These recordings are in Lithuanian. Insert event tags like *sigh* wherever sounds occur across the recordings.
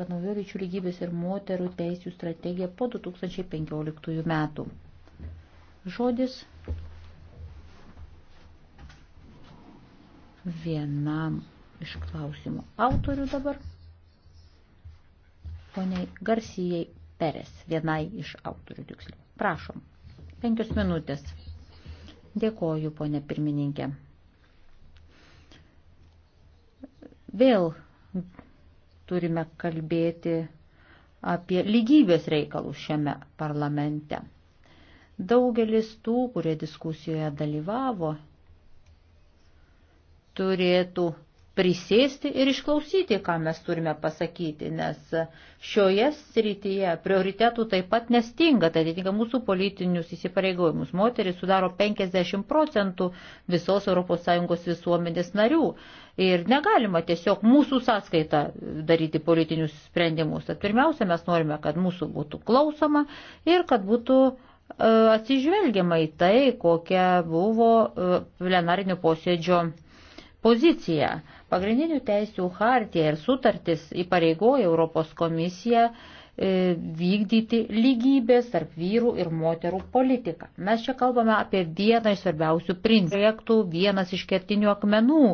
Pranaujo lyčių lygybės ir moterų teisių strategija po 2015 metų. Žodis vienam iš klausimų autorių dabar, poniai Garsijai Peres, vienai iš autorių tiksliau. Prašom, penkios minutės. Dėkoju, ponė pirmininkė. Vėl turime kalbėti apie lygybės reikalus šiame parlamente. Daugelis tų, kurie diskusijoje dalyvavo, turėtų prisėsti ir išklausyti, ką mes turime pasakyti, nes šioje srityje prioritetų taip pat nestinga, tai atitinka mūsų politinius įsipareigojimus. Moteris sudaro 50 procentų visos ES visuomenės narių ir negalima tiesiog mūsų sąskaitą daryti politinius sprendimus. Tad pirmiausia, mes norime, kad mūsų būtų klausoma ir kad būtų e, atsižvelgiama į tai, kokia buvo e, plenarinio posėdžio pozicija. Pagrindinių teisių hartija ir sutartis įpareigoja Europos komisiją e, vykdyti lygybės tarp vyrų ir moterų politiką. Mes čia kalbame apie vieną iš svarbiausių principų, vienas iš kertinių akmenų.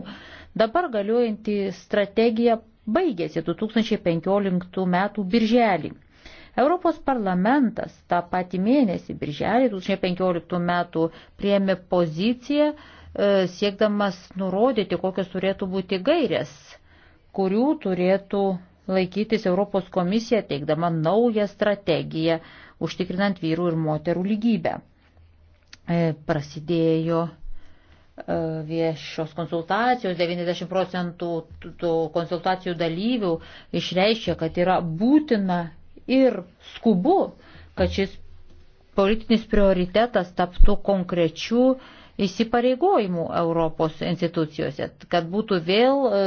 Dabar galiojanti strategija baigėsi 2015 m. birželį. Europos parlamentas tą patį mėnesį, birželį 2015 m. priėmė poziciją E, siekdamas nurodyti, kokios turėtų būti gairės, kurių turėtų laikytis Europos komisija, teikdama naują strategiją, užtikrinant vyrų ir moterų lygybę. E, prasidėjo e, viešos konsultacijos, 90 procentų tų konsultacijų dalyvių išreiškia, kad yra būtina ir skubu, kad šis politinis prioritetas taptų konkrečių uh, įsipareigojimų Europos institucijose, kad būtų vėl e,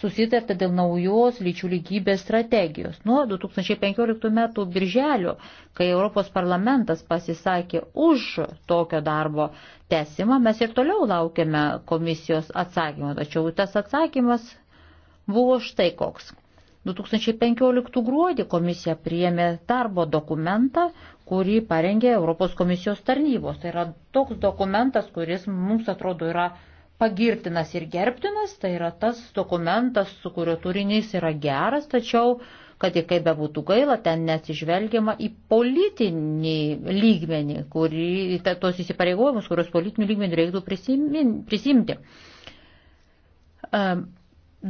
susitarta dėl naujos lyčių lygybės strategijos. Nuo 2015 metų birželio, kai Europos parlamentas pasisakė už tokio darbo tesimą, mes ir toliau laukiame komisijos atsakymo, tačiau tas atsakymas buvo štai koks. 2015 gruodį komisija priėmė darbo dokumentą, kurį parengė Europos komisijos tarnybos. Tai yra toks dokumentas, kuris mums atrodo yra pagirtinas ir gerbtinas, tai yra tas dokumentas, su kurio turinys yra geras, tačiau, kad ir kaip bebūtų gaila, ten neatsižvelgiama į politinį lygmenį, kurį, tos įsipareigojimus, kurios politinių lygmenių reiktų prisimti. Um,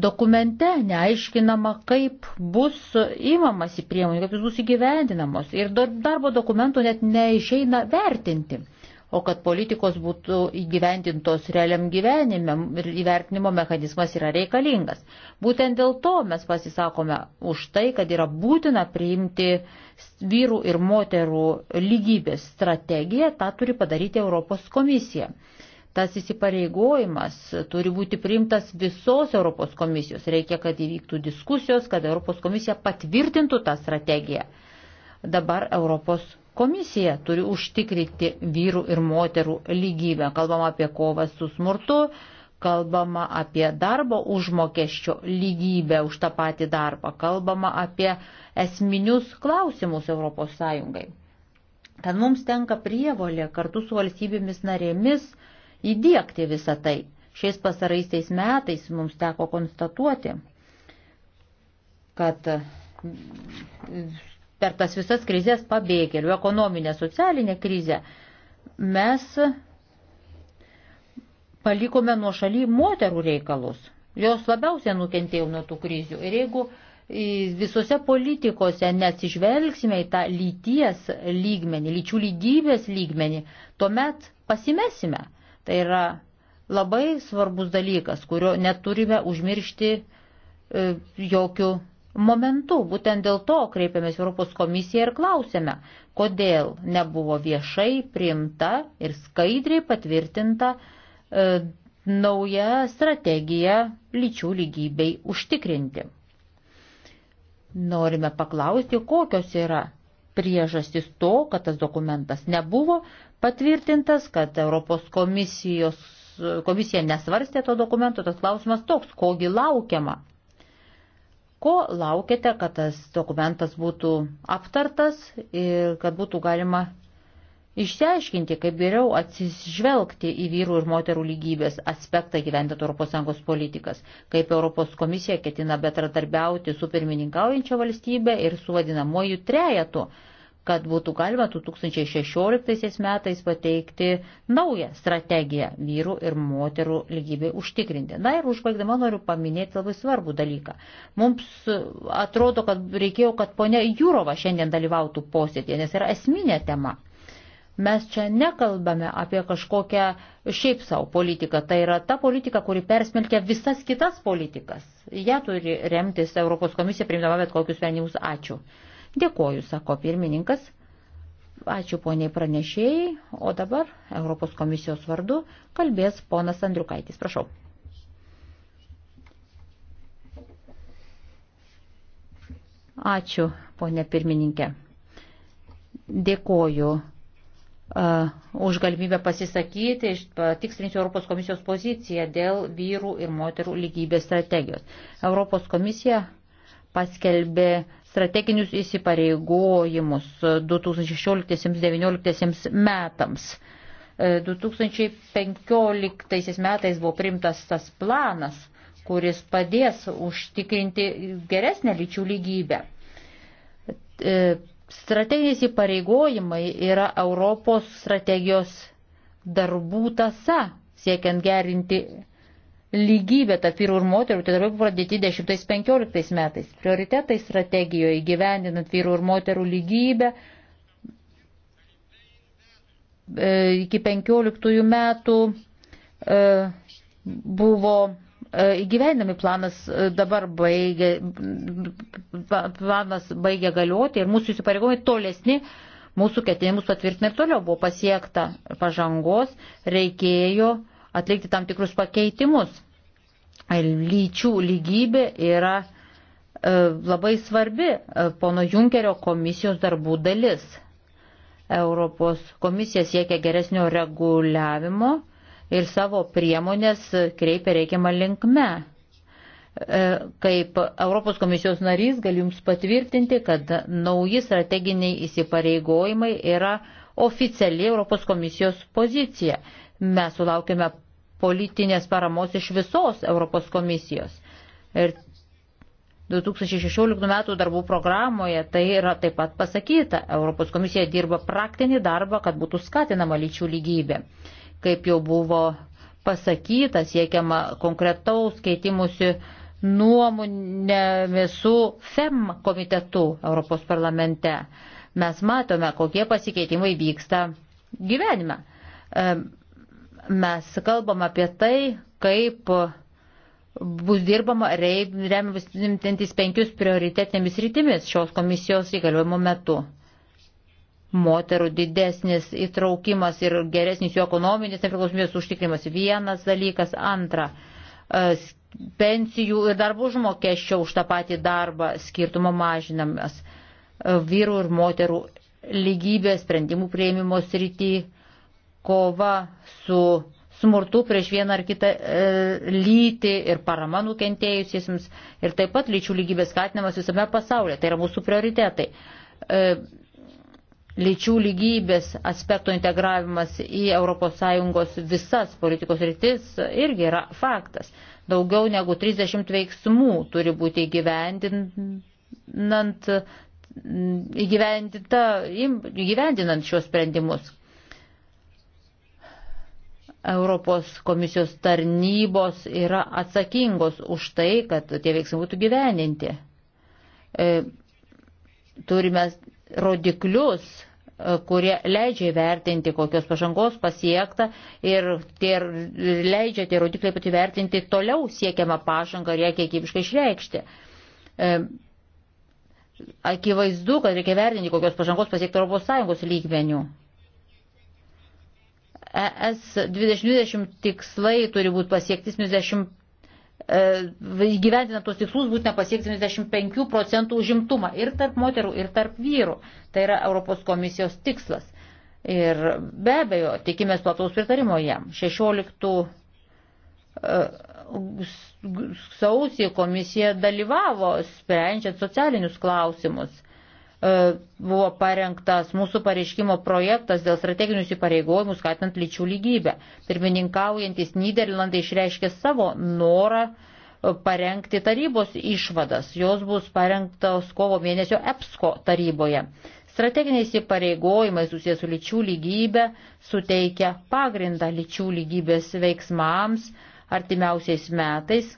Dokumente neaiškinama, kaip bus įmamasi priemonių, kaip jis bus įgyvendinamos. Ir darbo dokumentų net neišeina vertinti. O kad politikos būtų įgyvendintos realiam gyvenime ir įvertinimo mechanizmas yra reikalingas. Būtent dėl to mes pasisakome už tai, kad yra būtina priimti vyrų ir moterų lygybės strategiją, tą turi padaryti Europos komisija. Tas įsipareigojimas turi būti priimtas visos Europos komisijos. Reikia, kad įvyktų diskusijos, kad Europos komisija patvirtintų tą strategiją. Dabar Europos komisija turi užtikrinti vyrų ir moterų lygybę. Kalbama apie kovą su smurtu, kalbama apie darbo užmokesčio lygybę už tą patį darbą, kalbama apie esminius klausimus Europos Sąjungai. Tad mums tenka prievolė kartu su valstybėmis narėmis įdėkti visą tai. Šiais pasaraisiais metais mums teko konstatuoti, kad per tas visas krizės pabėgėlių, ekonominę, socialinę krizę mes palikome nuo šaly moterų reikalus. Jos labiausiai nukentėjo nuo tų krizių. Ir jeigu visose politikose nesižvelgsime į tą lyties lygmenį, lyčių lygybės lygmenį, tuomet pasimesime. Tai yra labai svarbus dalykas, kurio neturime užmiršti e, jokių momentų. Būtent dėl to kreipiamės Europos komisiją ir klausėme, kodėl nebuvo viešai priimta ir skaidriai patvirtinta e, nauja strategija lyčių lygybei užtikrinti. Norime paklausti, kokios yra priežastis to, kad tas dokumentas nebuvo patvirtintas, kad Europos komisijos, komisija nesvarstė to dokumento, tas klausimas toks, kogi laukiama. Ko laukite, kad tas dokumentas būtų aptartas ir kad būtų galima išsiaiškinti, kaip geriau atsižvelgti į vyrų ir moterų lygybės aspektą gyventant ES politikas, kaip ES komisija ketina betradarbiauti su pirmininkaujančia valstybė ir su vadinamoju trejetu kad būtų galima 2016 metais pateikti naują strategiją vyrų ir moterų lygybei užtikrinti. Na ir užbaigdama noriu paminėti labai svarbų dalyką. Mums atrodo, kad reikėjo, kad ponia Jūrova šiandien dalyvautų posėdėje, nes yra esminė tema. Mes čia nekalbame apie kažkokią šiaip savo politiką. Tai yra ta politika, kuri persmelkia visas kitas politikas. Ja turi remtis Europos komisija, priimdama bet kokius sprendimus. Ačiū. Dėkoju, sako pirmininkas. Ačiū poniai pranešėjai, o dabar Europos komisijos vardu kalbės ponas Andriukaitis. Prašau. Ačiū, ponė pirmininkė. Dėkoju uh, už galimybę pasisakyti, patikslinsiu Europos komisijos poziciją dėl vyrų ir moterų lygybės strategijos. Europos komisija paskelbė strateginius įsipareigojimus 2016-2019 metams. 2015 e, metais buvo primtas tas planas, kuris padės užtikrinti geresnę lyčių lygybę. E, strateginiai įsipareigojimai yra Europos strategijos darbų tasa, siekiant gerinti lygybė tarp vyrų ir moterų, tai darbai pradėti 10-15 metais. Prioritetai strategijoje įgyvendinant vyrų ir moterų lygybę e, iki 15 metų e, buvo e, įgyvendami planas dabar baigia, planas baigia galioti ir mūsų įsipareigojimai tolesni mūsų ketinimus patvirtina ir toliau buvo pasiekta pažangos, reikėjo uh, atlikti tam tikrus pakeitimus. Lyčių lygybė yra e, labai svarbi e, pono Junkerio komisijos darbų dalis. Europos komisija siekia geresnio reguliavimo ir savo priemonės kreipia reikiamą linkme. E, kaip Europos komisijos narys galiu Jums patvirtinti, kad nauji strateginiai įsipareigojimai yra oficiali Europos komisijos pozicija. Mes sulaukime politinės paramos iš visos Europos komisijos. Ir 2016 metų darbų programoje tai yra taip pat pasakyta. Europos komisija dirba praktinį darbą, kad būtų skatinama lyčių lygybė. Kaip jau buvo pasakyta, siekiama konkretaus keitimusi nuomonėmis su FEM komitetu Europos parlamente. Mes matome, kokie pasikeitimai vyksta gyvenime mes kalbam apie tai, kaip bus dirbama remiantis rei, penkius prioritetinėmis rytimis šios komisijos įgaliojimo metu. Moterų didesnis įtraukimas ir geresnis jų ekonominis nepriklausomybės užtikrimas vienas dalykas, antra e, pensijų ir darbų užmokesčio už tą patį darbą skirtumo mažinamas e, vyrų ir moterų lygybės sprendimų prieimimo srityje kova su smurtu prieš vieną ar kitą e, lytį ir parama nukentėjusiesiems ir taip pat lyčių lygybės skatinimas visame pasaulyje. Tai yra mūsų prioritetai. E, lyčių lygybės aspekto integravimas į ES visas politikos rytis irgi yra faktas. Daugiau negu 30 veiksmų turi būti įgyvendinant, įgyvendinta, įgyvendinant šios sprendimus. Europos komisijos tarnybos yra atsakingos už tai, kad tie veiksmai būtų gyveninti. E, turime rodiklius, e, kurie leidžia įvertinti, kokios pažangos pasiekta ir tie, leidžia tie rodikliai pat įvertinti toliau siekiamą pažangą ir ją kiekybiškai išreikšti. E, akivaizdu, kad reikia vertinti, kokios pažangos pasiekta ES lygmenių. ES 2020 tikslai turi būti pasiekti 70 e, įgyvendinant tos tikslus būtina pasiekti 75 procentų užimtumą ir tarp moterų, ir tarp vyrų. Tai yra Europos komisijos tikslas. Ir be abejo, tikimės plataus pritarimo jam. 16 uh, e, sausį komisija dalyvavo sprendžiant socialinius klausimus. E, buvo parengtas mūsų pareiškimo projektas dėl strateginių įpareigojimų skatinant lyčių lygybę. Pirmininkaujantis Niderlandai išreiškė savo norą e, parengti tarybos išvadas. Jos bus parengtos kovo mėnesio EPSCO taryboje. Strateginiai įpareigojimai susijęs su lyčių lygybė suteikia pagrindą lyčių lygybės veiksmams artimiausiais metais.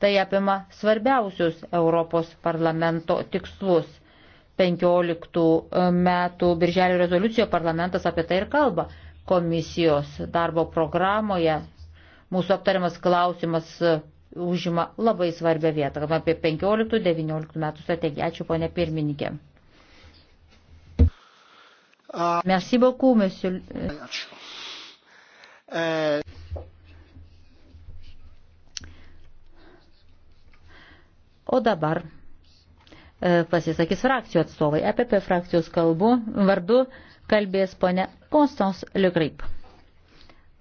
Tai apima svarbiausius Europos parlamento tikslus 15 e, metų birželio rezoliucijoje parlamentas apie tai ir kalba. Komisijos darbo programoje mūsų aptariamas klausimas e, užima labai svarbią vietą. Kalbame apie 15-19 metų strategiją. Ačiū, ponė pirmininkė. Merci beaucoup, monsieur. Ačiū. E- o dabar E, pasisakys frakcijų atstovai. EPP frakcijos kalbų vardu kalbės ponė Konstans Liukraip.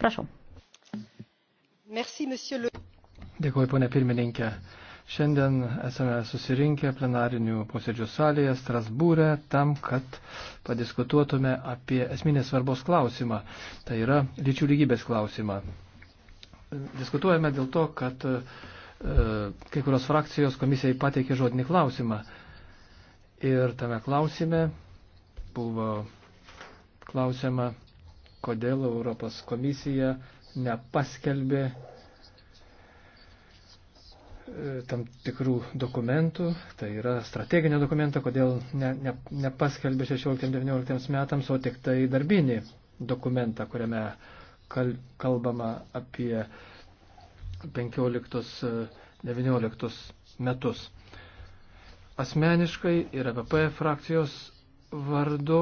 Prašau. Merci, le... Dėkuoju, ponė pirmininkė. Šiandien esame susirinkę plenarinių posėdžių salėje Strasbūrė tam, kad padiskutuotume apie esminės svarbos klausimą. Tai yra lyčių lygybės klausimą. Diskutuojame dėl to, kad e, kai kurios frakcijos komisijai pateikė žodinį klausimą. E, Ir tame klausime buvo klausima, kodėl Europos komisija nepaskelbė e, tam tikrų dokumentų, tai yra strateginio dokumento, kodėl ne, ne, nepaskelbė 16-19 metams, o tik tai darbinį dokumentą, kuriame kal, kalbama apie 15-19 e, metus asmeniškai ir APP frakcijos vardu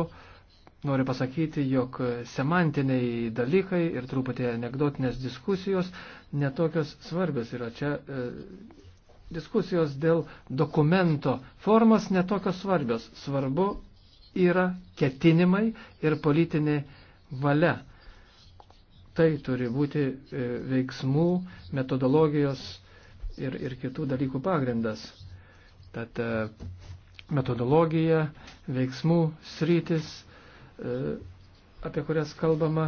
noriu pasakyti, jog semantiniai dalykai ir truputį anegdotinės diskusijos netokios svarbios yra čia. E, diskusijos dėl dokumento formos netokios svarbios. Svarbu yra ketinimai ir politinė valia. Tai turi būti e, veiksmų, metodologijos ir, ir kitų dalykų pagrindas. Tad e, metodologija, veiksmų sritis, e, apie kurias kalbama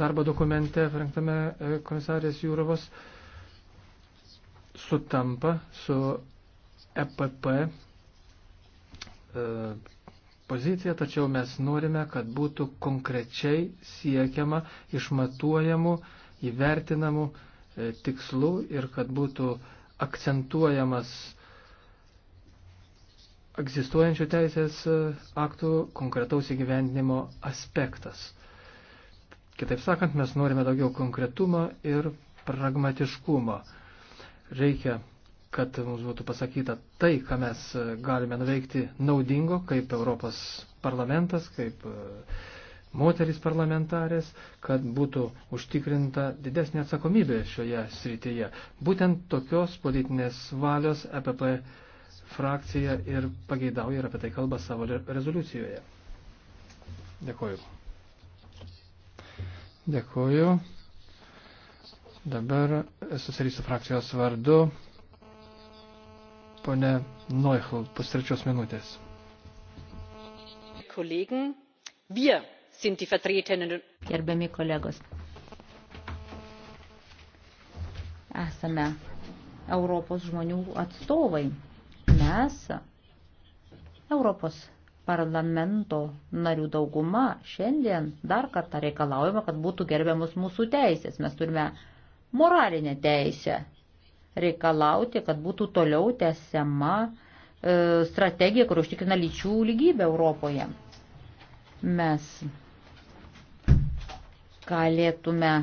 darbo dokumente, parengtame e, komisarės Jūrovos, sutampa su EPP poziciją, tačiau mes norime, kad būtų konkrečiai siekiama išmatuojamų, įvertinamų tikslų ir kad būtų akcentuojamas egzistuojančių teisės e, aktų konkretaus įgyvendinimo aspektas. Kitaip sakant, mes norime daugiau konkretumo ir pragmatiškumo. Reikia, kad mums būtų pasakyta tai, ką mes e, galime nuveikti naudingo, kaip Europos parlamentas, kaip e, moteris parlamentarės, kad būtų užtikrinta didesnė atsakomybė šioje srityje. Būtent tokios politinės valios EPP frakcija ir pageidauja ir apie tai kalba savo rezoliucijoje. Dėkuoju. Dėkuoju. Dabar susirysiu frakcijos vardu. Pone Neuchl, pustrečios minutės. Kollegen, wir sind die Vertreterinnen. Gerbiami kolegos. Esame Europos žmonių atstovai mes, Europos parlamento narių dauguma, šiandien dar kartą reikalaujama, kad būtų gerbiamus mūsų teisės. Mes turime moralinę teisę reikalauti, kad būtų toliau tęsiama e, strategija, kur užtikrina lyčių lygybę Europoje. Mes galėtume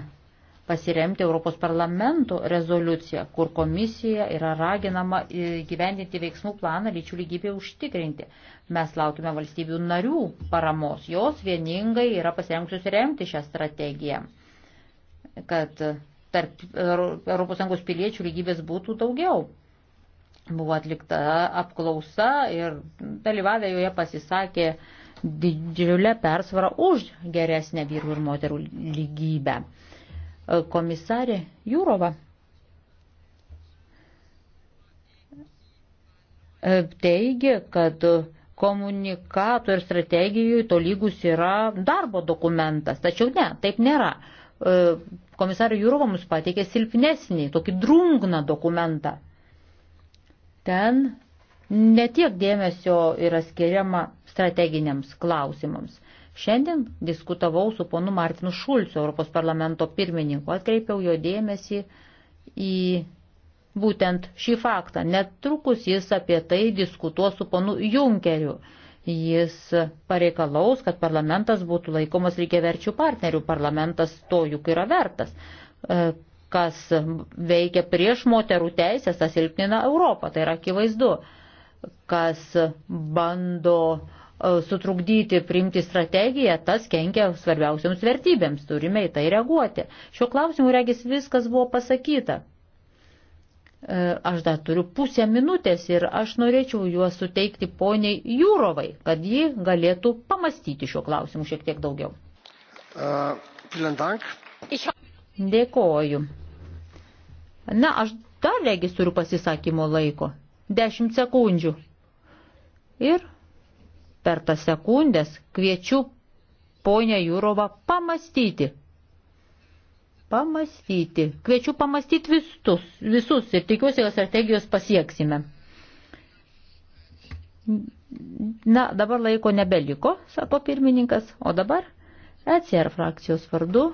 pasiremti Europos parlamento rezoliuciją, kur komisija yra raginama e, gyvendinti veiksmų planą lyčių lygybė užtikrinti. Mes laukime valstybių narių paramos, jos vieningai yra pasirengusios remti šią strategiją, kad tarp ES piliečių lygybės būtų daugiau. Buvo atlikta apklausa ir dalyvavę joje pasisakė didžiulę persvarą už geresnę vyrų ir moterų lygybę. E, komisarė Jūrova e, teigia, kad komunikato ir strategijų tolygus yra darbo dokumentas. Tačiau ne, taip nėra. E, komisarė Jūrova mums pateikė silpnesnį, tokį drungną dokumentą. Ten netiek dėmesio yra skiriama strateginiams klausimams. Šiandien diskutavau su ponu Martinu Šulciu, Europos parlamento pirmininku, atkreipiau jo dėmesį į būtent šį faktą. Netrukus jis apie tai diskutuos su ponu Junkeriu. Jis pareikalaus, kad parlamentas būtų laikomas lygiaverčių partnerių. Parlamentas to juk yra vertas. E, kas veikia prieš moterų teisės, tas silpnina Europą. Tai yra akivaizdu. Kas bando uh, E, sutrukdyti priimti strategiją, tas kenkia svarbiausiams vertybėms, turime į tai reaguoti. Šiuo klausimu, regis, viskas buvo pasakyta. E, aš dar turiu pusę minutės ir aš norėčiau juos suteikti poniai Jūrovai, kad ji galėtų pamastyti šiuo klausimu šiek tiek daugiau. Uh, Dėkoju. Na, aš dar regis turiu pasisakymo laiko. Dešimt sekundžių. Ir per tas sekundės kviečiu ponę Jūrovą pamastyti. Pamastyti. Kviečiu pamastyti visus, visus ir tikiuosi, kad strategijos pasieksime. Na, dabar laiko nebeliko, sako pirmininkas, o dabar ECR frakcijos vardu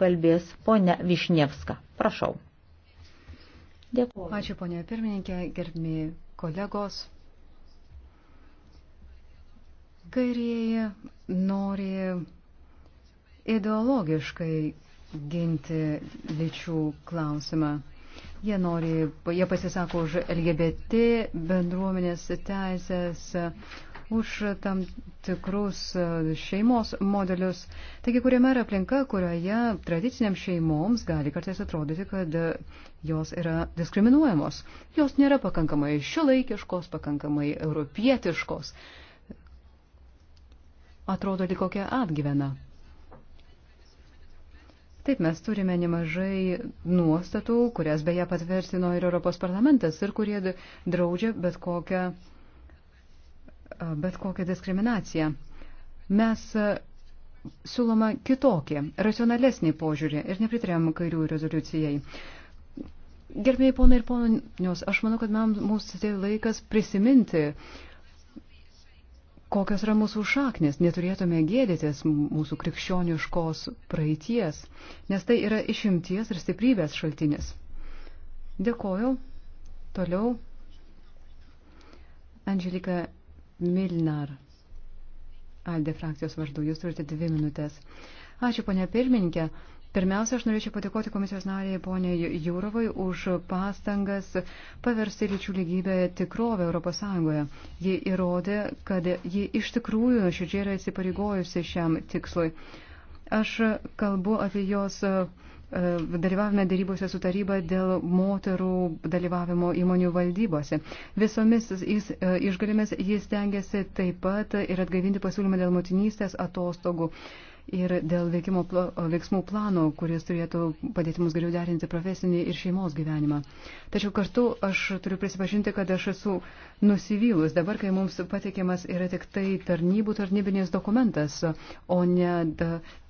kalbės ponia Višnievska. Prašau. Dėkuoju. Ačiū ponia pirmininkė, gerbimi kolegos. Kairieji nori ideologiškai ginti lyčių klausimą. Jie, nori, jie pasisako už LGBT bendruomenės teisės, už tam tikrus šeimos modelius. Taigi, kuriame yra aplinka, kurioje tradiciniams šeimoms gali kartais atrodyti, kad jos yra diskriminuojamos. Jos nėra pakankamai šiolaikiškos, pakankamai europietiškos atrodo lyg kokia atgyvena. Taip, mes turime nemažai nuostatų, kurias beje patvirtino ir Europos parlamentas, ir kurie draudžia bet kokią, bet kokią diskriminaciją. Mes siūloma kitokį, racionalesnį požiūrį ir nepritarėm kairių rezoliucijai. Gerbėjai ponai ir ponios, aš manau, kad mums tai laikas prisiminti uh, kokios yra mūsų šaknis, neturėtume gėdytis mūsų krikščioniškos praeities, nes tai yra išimties ir stiprybės šaltinis. Dėkoju. Toliau Angelika Milnar, Alde frakcijos vardu, jūs turite dvi minutės. Ačiū, ponia pirmininkė. Pirmiausia, aš norėčiau patikoti komisijos nariai poniai Jūrovai už pastangas paversti lyčių lygybę tikrovę ES. Ji įrodė, kad ji iš tikrųjų nuoširdžiai yra įsipareigojusi šiam tikslui. Aš kalbu apie jos e, dalyvavime dėrybose su taryba dėl moterų dalyvavimo įmonių valdybose. Visomis jis, e, išgalėmis jis tengiasi taip pat ir atgaivinti pasiūlymą dėl motinystės atostogų ir dėl veikimo, veiksmų plano, kuris turėtų padėti mums geriau derinti profesinį ir šeimos gyvenimą. Tačiau kartu aš turiu prisipažinti, kad aš esu nusivylus dabar, kai mums patikiamas yra tik tai tarnybų tarnybinės dokumentas, o ne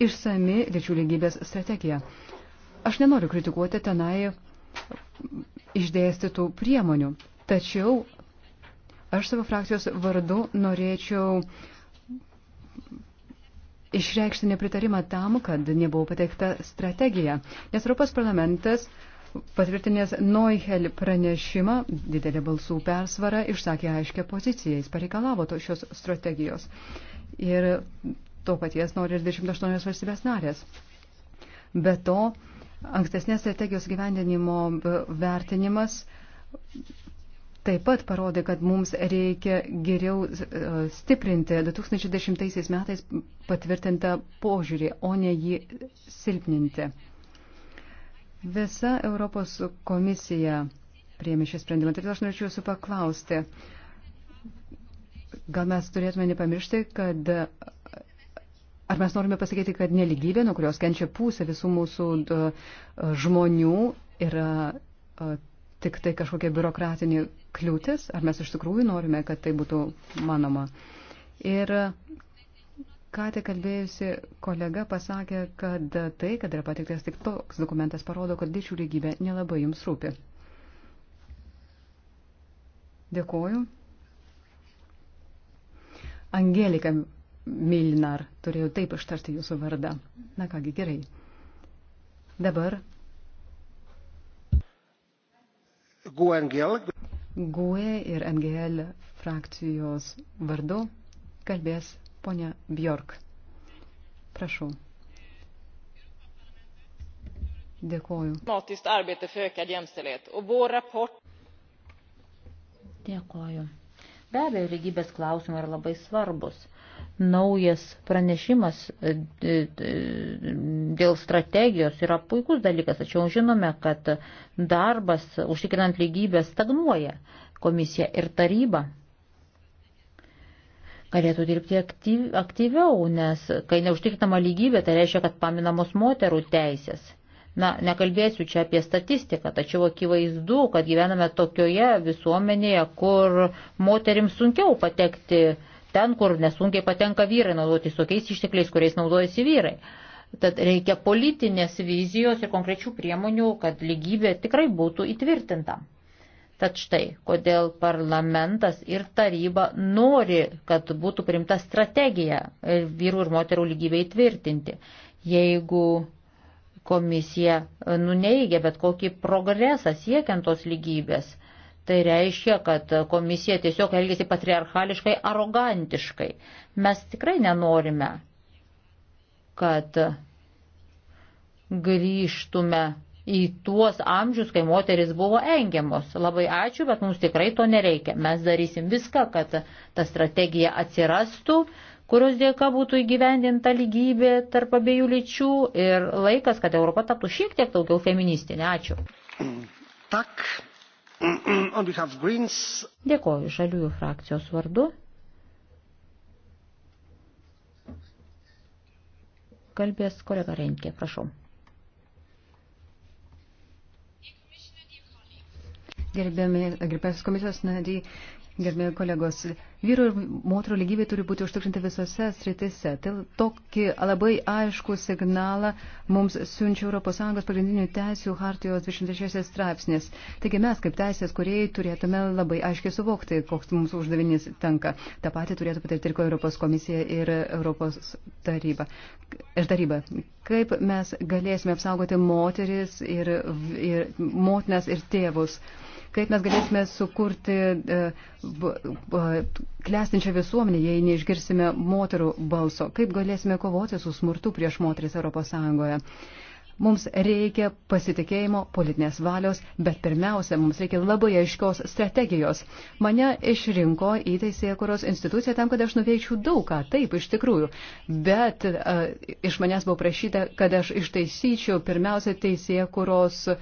išsami lyčių lygybės strategija. Aš nenoriu kritikuoti tenai išdėstytų priemonių, tačiau aš savo frakcijos vardu norėčiau uh, išreikšti nepritarimą tam, kad nebuvo pateikta strategija. Nes Europos parlamentas patvirtinęs Neuhel pranešimą didelė balsų persvara išsakė aiškę poziciją. Jis pareikalavo to šios strategijos. Ir to paties nori ir 28 valstybės narės. Be to, ankstesnės strategijos gyvendinimo vertinimas taip pat parodė, kad mums reikia geriau e, stiprinti 2010 metais patvirtintą požiūrį, o ne jį silpninti. Visa Europos komisija priemi šį sprendimą. Todėl aš norėčiau jūsų paklausti. Gal mes turėtume nepamiršti, kad Ar mes norime pasakyti, kad neligybė, nuo kurios kenčia pusė visų mūsų e, žmonių, yra e, tik tai kažkokia biurokratinė kliūtis, ar mes iš tikrųjų norime, kad tai būtų manoma. Ir ką tik kalbėjusi kolega pasakė, kad tai, kad yra patiktas tik toks dokumentas, parodo, kad lyčių lygybė nelabai jums rūpi. Dėkoju. Angelika Milnar, turėjau taip ištarti jūsų vardą. Na kągi, gerai. Dabar GUE ir NGL frakcijos vardu kalbės ponia Bjork. Prašau. Dėkoju. Dėkoju. Be abejo, lygybės klausimai yra labai svarbus naujas pranešimas e, dėl strategijos yra puikus dalykas, tačiau žinome, kad darbas užtikrinant lygybę stagnuoja komisija ir taryba. Galėtų dirbti aktyv, aktyviau, nes kai neužtikrinama lygybė, tai reiškia, kad paminamos moterų teisės. Na, nekalbėsiu čia apie statistiką, tačiau akivaizdu, kad gyvename tokioje visuomenėje, kur moterims sunkiau patekti uh, ten, kur nesunkiai patenka vyrai, naudotis tokiais ištekliais, kuriais naudojasi vyrai. Tad reikia politinės vizijos ir konkrečių priemonių, kad lygybė tikrai būtų įtvirtinta. Tad štai, kodėl parlamentas ir taryba nori, kad būtų primta strategija vyrų ir moterų lygybę įtvirtinti. Jeigu komisija nuneigia bet kokį progresą siekiant tos lygybės, Tai reiškia, kad komisija tiesiog elgėsi patriarchališkai, arogantiškai. Mes tikrai nenorime, kad grįžtume į tuos amžius, kai moteris buvo engiamos. Labai ačiū, bet mums tikrai to nereikia. Mes darysim viską, kad ta strategija atsirastų, kurios dėka būtų įgyvendinta lygybė tarp abiejų lyčių ir laikas, kad Europa taptų šiek tiek daugiau feministinė. Ačiū. Tak. Dėkoju žaliųjų frakcijos vardu. Kalbės kolega Renkė, prašau. Gerbiami, gerbės komisijos nariai, Gerbėjai kolegos, vyru ir moterų lygybė turi būti užtikrinta visose sritise. Tai tokį labai aišku signalą mums siunčia ES pagrindinių teisų hartijos 26 straipsnis. Taigi mes kaip teisės kuriejai turėtume labai aiškiai suvokti, koks mums uždavinys tenka. Ta pati turėtų patirti ir Europos komisija ir Europos taryba. Ir taryba. Kaip mes galėsime apsaugoti moteris ir, ir motinas ir tėvus kaip mes galėsime sukurti e, klestinčią visuomenę, jei neišgirsime moterų balso, kaip galėsime kovoti su smurtu prieš moteris Europos Sąjungoje. Mums reikia pasitikėjimo, politinės valios, bet pirmiausia, mums reikia labai aiškios strategijos. Mane išrinko į teisėkuros instituciją tam, kad aš nuveikčiau daug ką, taip, iš tikrųjų. Bet a, e, iš manęs buvo prašyta, kad aš ištaisyčiau pirmiausia teisėkuros e,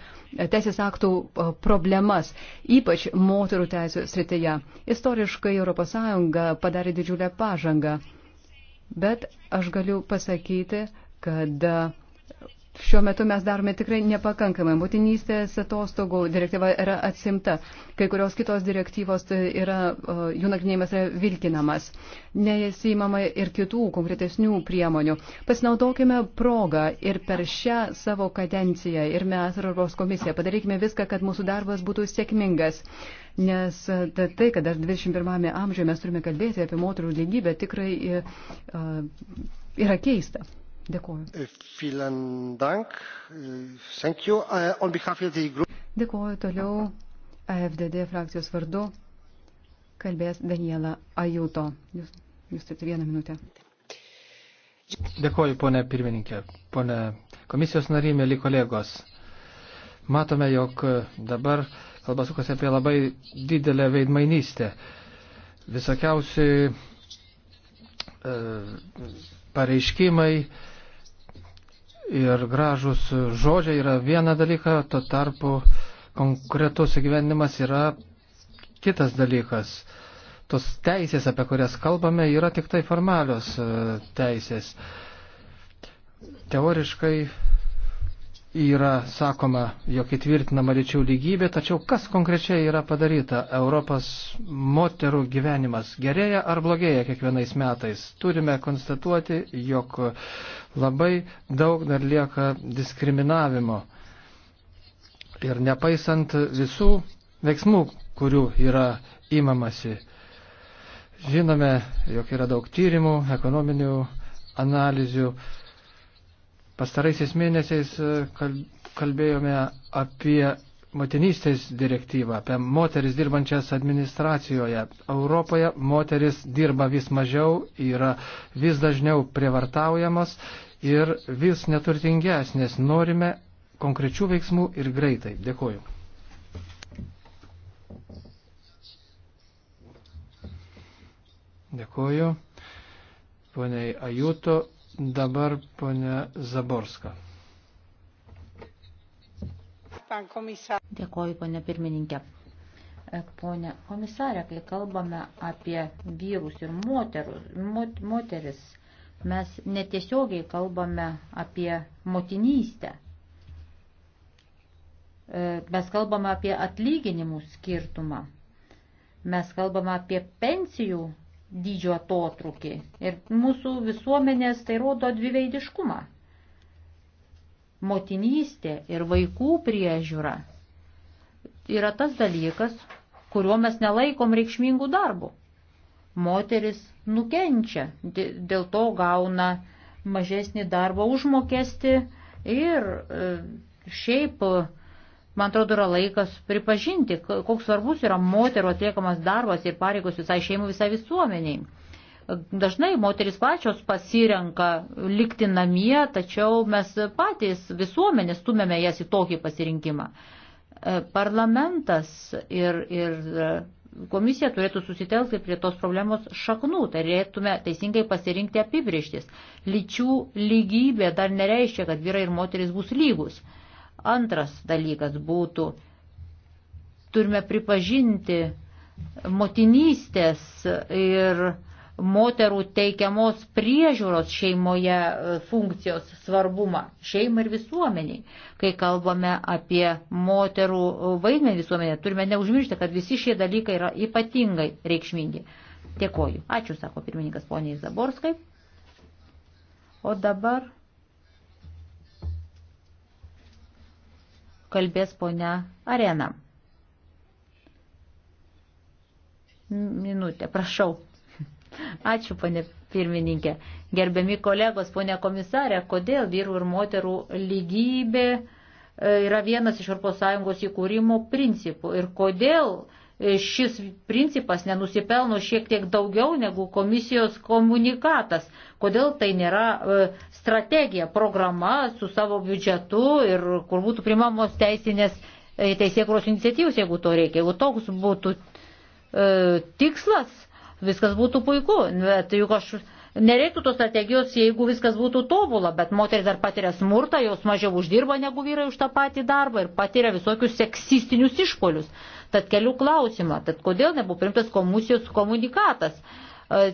teisės aktų a, e, problemas, ypač moterų teisų srityje. Istoriškai ES padarė didžiulę pažangą. Bet aš galiu pasakyti, kad. A, šiuo metu mes darome tikrai nepakankamai. Motinystės atostogų direktyva yra atsimta, kai kurios kitos direktyvos tai yra, jų nagrinėjimas yra vilkinamas, nesimama ir kitų konkretesnių priemonių. Pasinaudokime progą ir per šią savo kadenciją ir mes, Europos komisija, padarykime viską, kad mūsų darbas būtų sėkmingas. Nes tai, kad dar 21 amžiuje mes turime kalbėti apie moterų lygybę, tikrai e, e, yra keista. Dėkuoju. E, e, e, Dėkuoju toliau AFDD frakcijos vardu. Kalbės Daniela Ajuto. Jūs, jūs turite vieną minutę. Dėkuoju, ponė pirmininkė, ponė komisijos nariai, mėly kolegos. Matome, jog dabar kalba sukasi apie labai didelę veidmainystę. Visokiausi e, pareiškimai, ir gražus žodžiai yra viena dalyka, tuo tarpu konkretus įgyvendimas yra kitas dalykas. Tos teisės, apie kurias kalbame, yra tik tai formalios e, teisės. Teoriškai yra sakoma, jog įtvirtinama lyčių lygybė, tačiau kas konkrečiai yra padaryta? Europos moterų gyvenimas gerėja ar blogėja kiekvienais metais? Turime konstatuoti, jog labai daug dar lieka diskriminavimo. Ir nepaisant visų veiksmų, kurių yra įmamasi. Žinome, jog yra daug tyrimų, ekonominių analizių Pastaraisiais mėnesiais e, kalbėjome apie motinystės direktyvą, apie moteris dirbančias administracijoje. Europoje moteris dirba vis mažiau, yra vis dažniau prievartaujamos ir vis neturtingesnės. Norime konkrečių veiksmų ir greitai. Dėkuoju. Dėkuoju. Poniai Ajuto Dabar ponia Zaborska. Dėkoju, ponia pirmininkė. E, Pone komisarė, kai kalbame apie vyrus ir moterus, mot, moteris, mes netiesiogiai kalbame apie motinystę. E, mes kalbame apie atlyginimų skirtumą. Mes kalbame apie pensijų dydžio atotrukį. Ir mūsų visuomenės tai rodo dviveidiškumą. Motinystė ir vaikų priežiūra yra tas dalykas, kuriuo mes nelaikom reikšmingų darbų. Moteris nukenčia, dėl to gauna mažesnį darbo užmokesti ir e, šiaip man atrodo, yra laikas pripažinti, koks svarbus yra moterų atliekamas darbas ir pareigos visai šeimų, visai visuomeniai. Dažnai moteris pačios pasirenka likti namie, tačiau mes patys visuomenės stumėme jas į tokį pasirinkimą. E, parlamentas ir, ir e, komisija turėtų susitelkti prie tos problemos šaknų, tai turėtume teisingai pasirinkti apibrieštis. Lyčių lygybė dar nereiškia, kad vyrai ir moteris bus lygus. Antras dalykas būtų, turime pripažinti motinystės ir moterų teikiamos priežiūros šeimoje e, funkcijos svarbumą šeimai ir visuomeniai. Kai kalbame apie moterų e, vaidmenį visuomenėje, turime neužmiršti, kad visi šie dalykai yra ypatingai reikšmingi. Dėkoju. Ačiū, sako pirmininkas poniai Zaborskai. O dabar kalbės ponia Arena. Minutė, prašau. Ačiū, ponė pirmininkė. Gerbiami kolegos, ponė komisarė, kodėl vyrų ir moterų lygybė e, yra vienas iš ES įkūrimo principų ir kodėl E, šis principas nenusipelno šiek tiek daugiau negu komisijos komunikatas. Kodėl tai nėra e, strategija, programa su savo biudžetu ir kur būtų primamos teisinės e, teisėkros iniciatyvos, jeigu to reikia. Jeigu toks būtų e, tikslas, viskas būtų puiku. Bet juk aš nereiktų tos strategijos, jeigu viskas būtų tobula, bet moteris dar patiria smurtą, jos mažiau uždirba negu vyrai už tą patį darbą ir patiria visokius seksistinius išpolius. Tad kelių klausimą, tad kodėl nebuvo primtas komisijos komunikatas? E,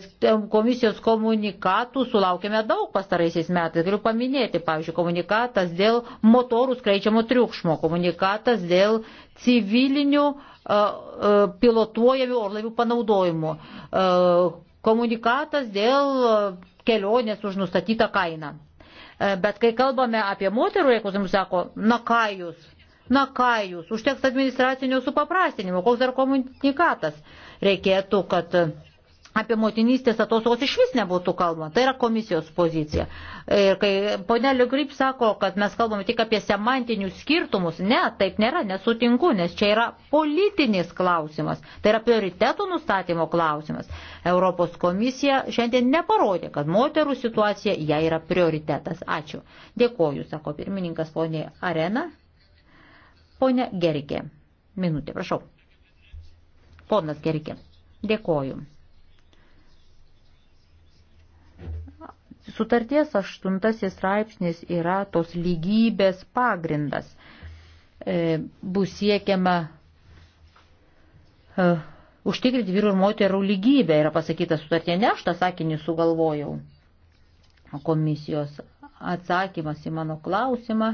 komisijos komunikatų sulaukėme daug pastaraisiais metais. Galiu paminėti, pavyzdžiui, komunikatas dėl motorų skleidžiamo triukšmo, komunikatas dėl civilinių e, e, pilotuojamų orlaivių panaudojimo, komunikatas dėl kelionės už nustatytą kainą. Bet kai kalbame apie moterų reikalus, jums sako, na ką jūs Na ką jūs, užteks administracinio supaprastinimo, koks dar komunikatas reikėtų, kad apie motinystės atostogos iš vis nebūtų kalbama. Tai yra komisijos pozicija. Ir kai ponė Liugryp sako, kad mes kalbame tik apie semantinius skirtumus, ne, taip nėra, nesutinku, nes čia yra politinis klausimas. Tai yra prioritetų nustatymo klausimas. Europos komisija šiandien neparodė, kad moterų situacija jai yra prioritetas. Ačiū. Dėkoju, sako pirmininkas ponė Arena. Pone Gerikė, minutė, prašau. Ponas Gerikė, dėkoju. Sutarties aštuntasis straipsnis yra tos lygybės pagrindas. E, bus siekiama e, užtikrinti vyrų ir moterų lygybę, yra pasakyta sutartė, ne aš tą sakinį sugalvojau. Komisijos atsakymas į mano klausimą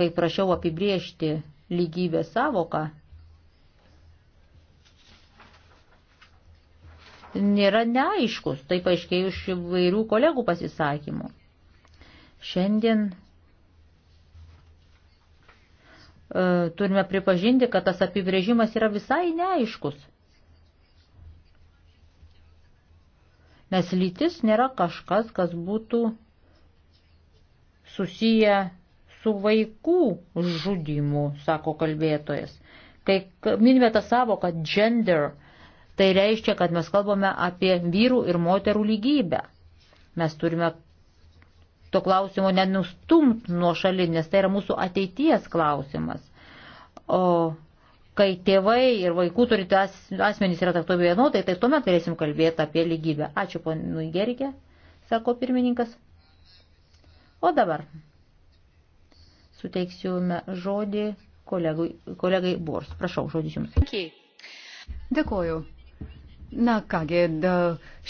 kai prašiau apibriežti lygybės savoką, nėra neaiškus, taip aiškiai iš vairių kolegų pasisakymų. Šiandien e, turime pripažinti, kad tas apibrėžimas yra visai neaiškus. Nes lytis nėra kažkas, kas būtų susiję su vaikų žudimu, sako kalbėtojas. Kai minime tą savoką gender, tai reiškia, kad mes kalbame apie vyrų ir moterų lygybę. Mes turime to klausimo nenustumt nuo šalin, nes tai yra mūsų ateities klausimas. O kai tėvai ir vaikų turite asmenys yra traktuomi vienodai, tai tuomet galėsim kalbėti apie lygybę. Ačiū ponui Gerikė, sako pirmininkas. O dabar suteiksime žodį kolegui, kolegai Bors. Prašau, žodis jums. Dėkuoju. Na kągi, da,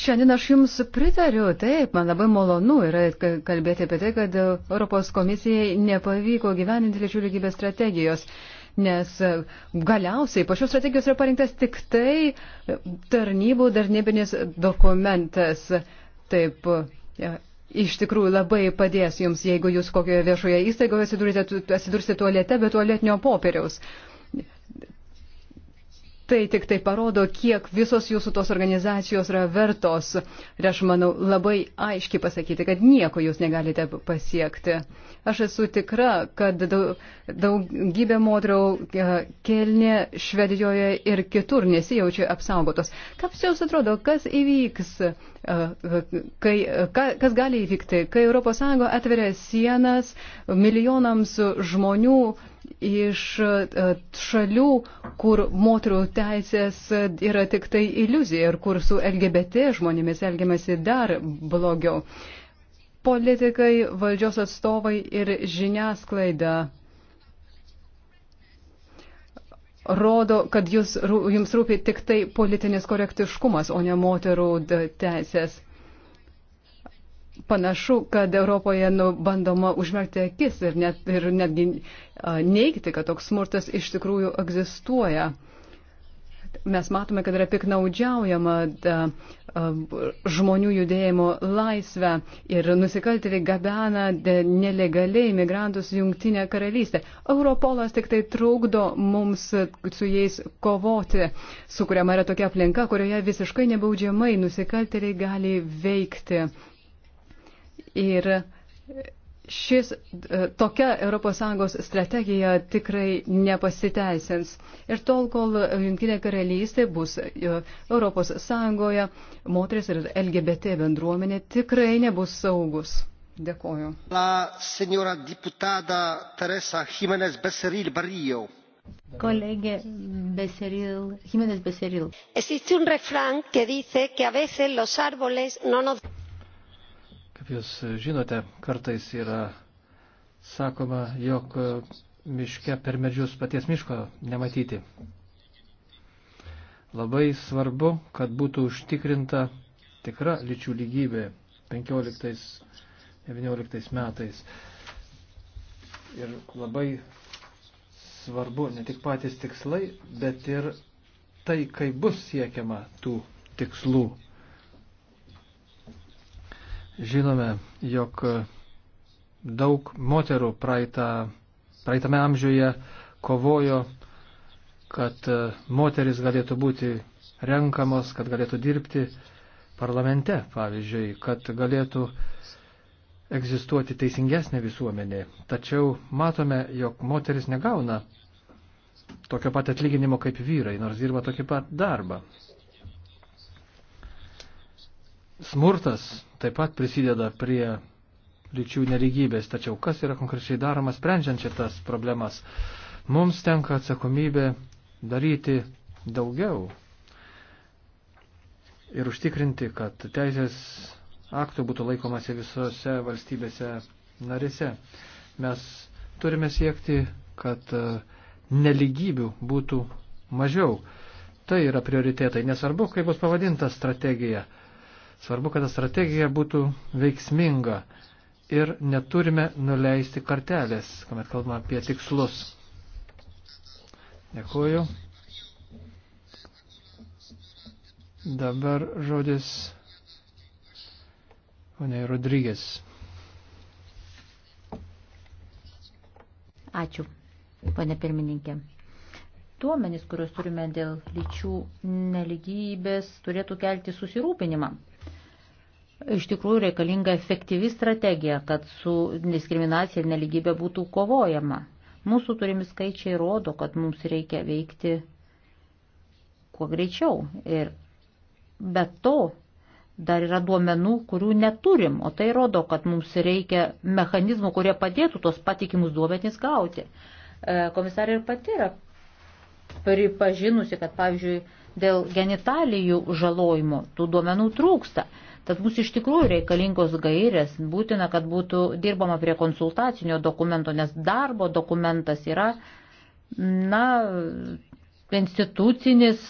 šiandien aš Jums pritariu, taip, man labai malonu yra kalbėti apie tai, kad Europos komisijai nepavyko gyveninti lyčių lygybės strategijos nes e, galiausiai po šios strategijos yra parinktas tik tai e, tarnybų darnybinis dokumentas. Taip, e, iš tikrųjų labai padės jums, jeigu jūs kokioje viešoje įstaigoje atsidursite tualete be tualetinio popieriaus. Uh, Tai tik tai parodo, kiek visos jūsų tos organizacijos yra vertos. Ir aš manau, labai aiškiai pasakyti, kad nieko jūs negalite pasiekti. Aš esu tikra, kad daugybė moterų e, kelnė Švedijoje ir kitur nesijaučia apsaugotos. Kaip jums atrodo, kas įvyks, e, kai, kas gali įvykti, kai ES atveria sienas milijonams žmonių iš e, šalių, kur moterų teisės e, yra tik tai iliuzija ir kur su LGBT žmonėmis elgiamasi dar blogiau. Politikai, valdžios atstovai ir žiniasklaida rodo, kad jūs, jums rūpi tik tai politinis korektiškumas, o ne moterų teisės panašu, kad Europoje nu, bandoma užmerkti akis ir, net, ir netgi neigti, kad toks smurtas iš tikrųjų egzistuoja. Mes matome, kad yra piknaudžiaujama da, žmonių judėjimo laisvę ir nusikaltėliai gabena nelegaliai migrantus jungtinę karalystę. Europolas tik tai trukdo mums su jais kovoti, sukuriama yra tokia aplinka, kurioje visiškai nebaudžiamai nusikaltėliai gali veikti. Ir šis, tokia ES strategija tikrai nepasiteisins. Ir tol, kol Junktinė karalystė bus ES, moteris ir LGBT bendruomenė tikrai nebus saugus. Dėkoju. La senora diputada Teresa Jimenez Becerril Barrio. Colega Becerril, Jiménez Becerril. Existe un refrán que dice que a veces los árboles no nos jūs žinote, kartais yra sakoma, jog miške per medžius paties miško nematyti. Labai svarbu, kad būtų užtikrinta tikra lyčių lygybė 15-19 metais. Ir labai svarbu ne tik patys tikslai, bet ir tai, kaip bus siekiama tų tikslų. Žinome, jog daug moterų praeitą, praeitame amžiuje kovojo, kad moteris galėtų būti renkamos, kad galėtų dirbti parlamente, pavyzdžiui, kad galėtų egzistuoti teisingesnė visuomenė. Tačiau matome, jog moteris negauna tokio pat atlyginimo kaip vyrai, nors dirba tokį pat darbą. Smurtas taip pat prisideda prie lyčių neligybės. Tačiau kas yra konkrečiai daroma sprendžiant šitas problemas? Mums tenka atsakomybė daryti daugiau ir užtikrinti, kad teisės aktų būtų laikomasi visose valstybėse narėse. Mes turime siekti, kad e, neligybių būtų mažiau. Tai yra prioritetai, nesvarbu, kaip bus pavadinta strategija. Svarbu, kad ta strategija būtų veiksminga ir neturime nuleisti kartelės, kuomet kalbame apie tikslus. Dėkuoju. Dabar žodis Onei Rodrygės. Ačiū, pane pirmininkė. Tuomenys, kuriuos turime dėl lyčių neligybės, turėtų kelti susirūpinimą iš tikrųjų reikalinga efektyvi strategija, kad su diskriminacija ir neligybė būtų kovojama. Mūsų turimi skaičiai rodo, kad mums reikia veikti kuo greičiau. Ir be to dar yra duomenų, kurių neturim, o tai rodo, kad mums reikia mechanizmų, kurie padėtų tos patikimus duomenys gauti. E, komisarė ir pati yra pripažinusi, kad pavyzdžiui dėl genitalijų žalojimo tų duomenų trūksta. Tad mums iš tikrųjų reikalingos gairės, būtina, kad būtų dirbama prie konsultacinio dokumento, nes darbo dokumentas yra, na, institucinis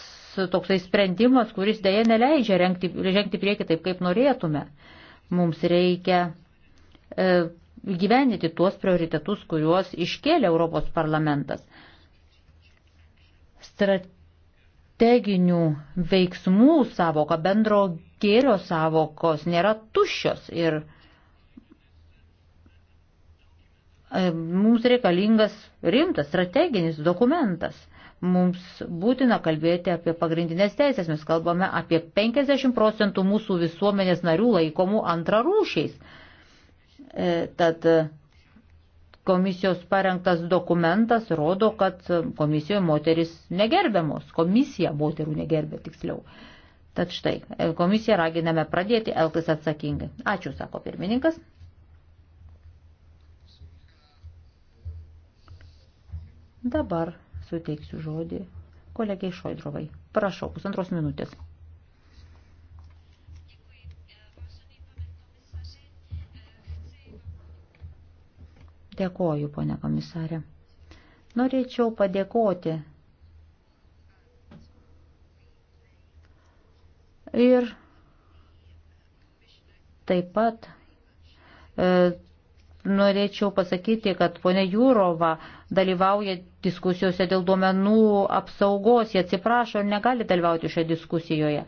toksai sprendimas, kuris dėja neleidžia rengti, žengti prieki taip, kaip norėtume. Mums reikia e, gyveninti tuos prioritetus, kuriuos iškėlė Europos parlamentas. Strateginių veiksmų savoka bendro gėrio savokos nėra tuščios ir e, mums reikalingas rimtas strateginis dokumentas. Mums būtina kalbėti apie pagrindinės teisės. Mes kalbame apie 50 procentų mūsų visuomenės narių laikomų antrarūšiais. E, tad e, komisijos parengtas dokumentas rodo, kad komisijoje moteris negerbiamos, komisija moterų negerbė tiksliau. Tad štai, e, komisiją raginame pradėti elgtis atsakingai. Ačiū, sako pirmininkas. Dabar suteiksiu žodį kolegiai Šoidrovai. Prašau, pusantros minutės. Dėkoju, ponia komisarė. Norėčiau padėkoti Ir taip pat e, norėčiau pasakyti, kad ponė Jūrova dalyvauja diskusijose dėl duomenų apsaugos, jie atsiprašo ir negali dalyvauti šioje diskusijoje.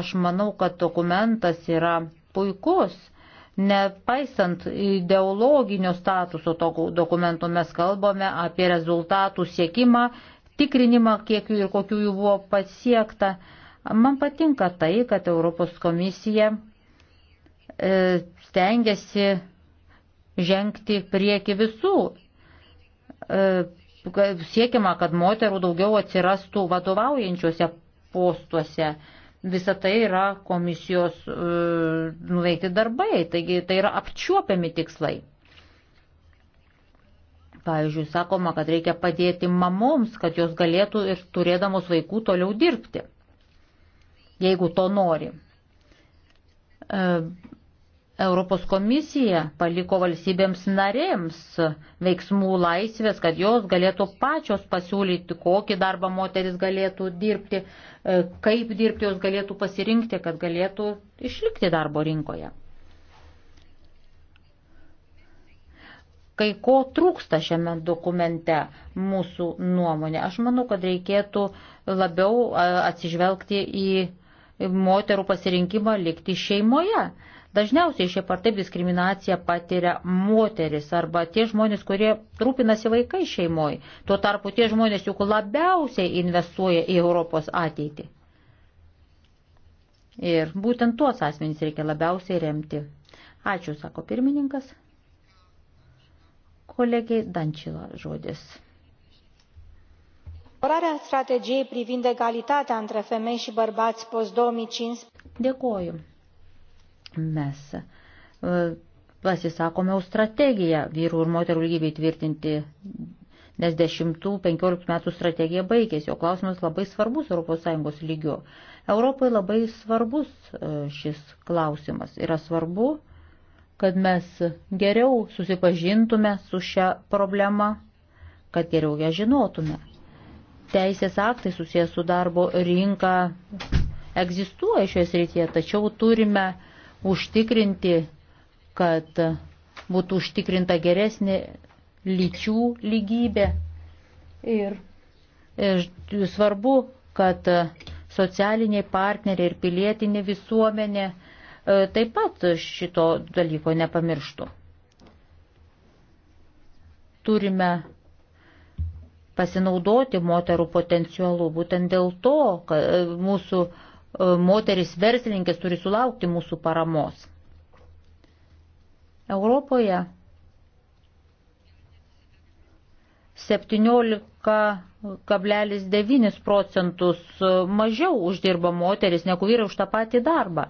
Aš manau, kad dokumentas yra puikus, nepaisant ideologinio statuso to dokumento mes kalbame apie rezultatų siekimą, tikrinimą, kiek jų ir kokių jų buvo pasiekta. E, Man patinka tai, kad Europos komisija e, stengiasi žengti prieki visų. E, siekiama, kad moterų daugiau atsirastų vadovaujančiuose postuose. Visa tai yra komisijos e, nuveikti darbai, taigi tai yra apčiuopiami tikslai. Pavyzdžiui, sakoma, kad reikia padėti mamoms, kad jos galėtų ir turėdamos vaikų toliau dirbti jeigu to nori. E, Europos komisija paliko valstybėms narėms veiksmų laisvės, kad jos galėtų pačios pasiūlyti, kokį darbą moteris galėtų dirbti, e, kaip dirbti jos galėtų pasirinkti, kad galėtų išlikti darbo rinkoje. Kai ko trūksta šiame dokumente mūsų nuomonė, aš manau, kad reikėtų labiau atsižvelgti į moterų pasirinkimą likti šeimoje. Dažniausiai šiaip ar taip diskriminaciją patiria moteris arba tie žmonės, kurie rūpinasi vaikai šeimoje. Tuo tarpu tie žmonės juk labiausiai investuoja į Europos ateitį. Ir būtent tuos asmenys reikia labiausiai remti. Ačiū, sako pirmininkas. Kolegiai Dančila žodis. Pararea strategijai privind egalitatę între femei și bărbați post 2015. Dėkoju. Mes pasisakome už strategiją vyrų ir moterų lygybei tvirtinti, nes 10-15 metų strategija baigėsi, o klausimas labai svarbus ES lygiu. Europai labai svarbus šis klausimas. Yra svarbu, kad mes geriau susipažintume su šią problemą, kad geriau ją žinotume teisės aktai susijęs su darbo rinka egzistuoja šioje srityje, tačiau turime užtikrinti, kad būtų užtikrinta geresnė lyčių lygybė. Ir, ir e, svarbu, kad socialiniai partneriai ir pilietinė visuomenė e, taip pat šito dalyko nepamirštų. Turime pasinaudoti moterų potencialu. Būtent dėl to e, mūsų e, moteris verslininkės turi sulaukti mūsų paramos. Europoje 17,9 procentus e, mažiau uždirba moteris negu vyrai už tą patį darbą.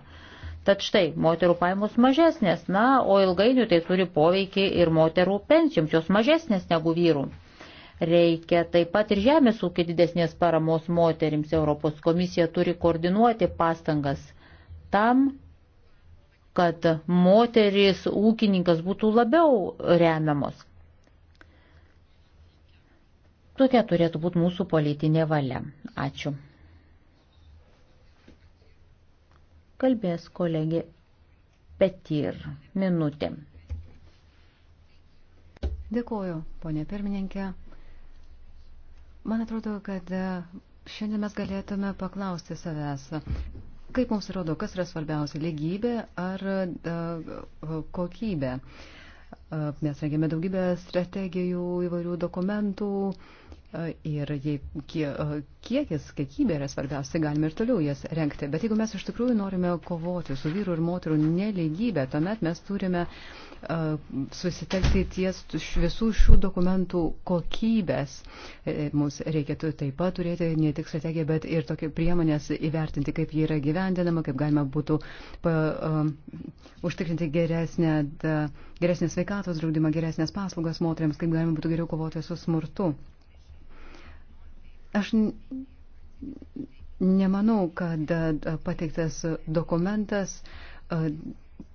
Tad štai, moterų pajamos mažesnės, na, o ilgainiui tai turi poveikį ir moterų pensijoms, jos mažesnės negu vyrų. Reikia taip pat ir žemės ūkio didesnės paramos moterims. Europos komisija turi koordinuoti pastangas tam, kad moteris ūkininkas būtų labiau remiamos. Tokia turėtų būti mūsų politinė valia. Ačiū. Kalbės kolegė Petir. Minutė. Dėkuoju, ponė pirmininkė. Man atrodo, kad e, šiandien mes galėtume paklausti savęs, kaip mums atrodo, kas yra svarbiausia - lygybė ar e, e, kokybė. Mes rengėme daugybę strategijų, įvairių dokumentų, Ir jei kiekis, kiekybė yra svarbiausia, tai galime ir toliau jas renkti. Bet jeigu mes iš tikrųjų norime kovoti su vyrų ir moterų neligybė, tuomet mes turime susitelkti ties visų šių dokumentų kokybės. E, mums reikėtų taip pat turėti ne tik strategiją, bet ir tokią priemonės įvertinti, kaip ji yra gyvendinama, kaip galima būtų pa, uh, užtikrinti geresnę, da, geresnę sveikatos draudimą, geresnės paslaugas moteriams, kaip galima būtų geriau kovoti su smurtu. Aš nemanau, kad e, pateiktas dokumentas e,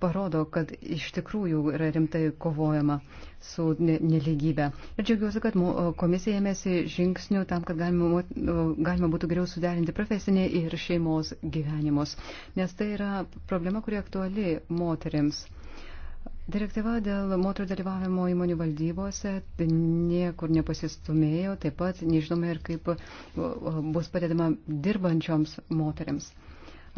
parodo, kad iš tikrųjų yra rimtai kovojama su neligybė. Ir džiaugiuosi, kad komisija ėmėsi žingsnių tam, kad galima, galima būtų geriau suderinti profesinį ir šeimos gyvenimus, nes tai yra problema, kuri aktuali moteriams. Direktyva dėl moterų dalyvavimo įmonių valdybose niekur nepasistumėjo, taip pat nežinome ir kaip bus padedama dirbančioms moteriams.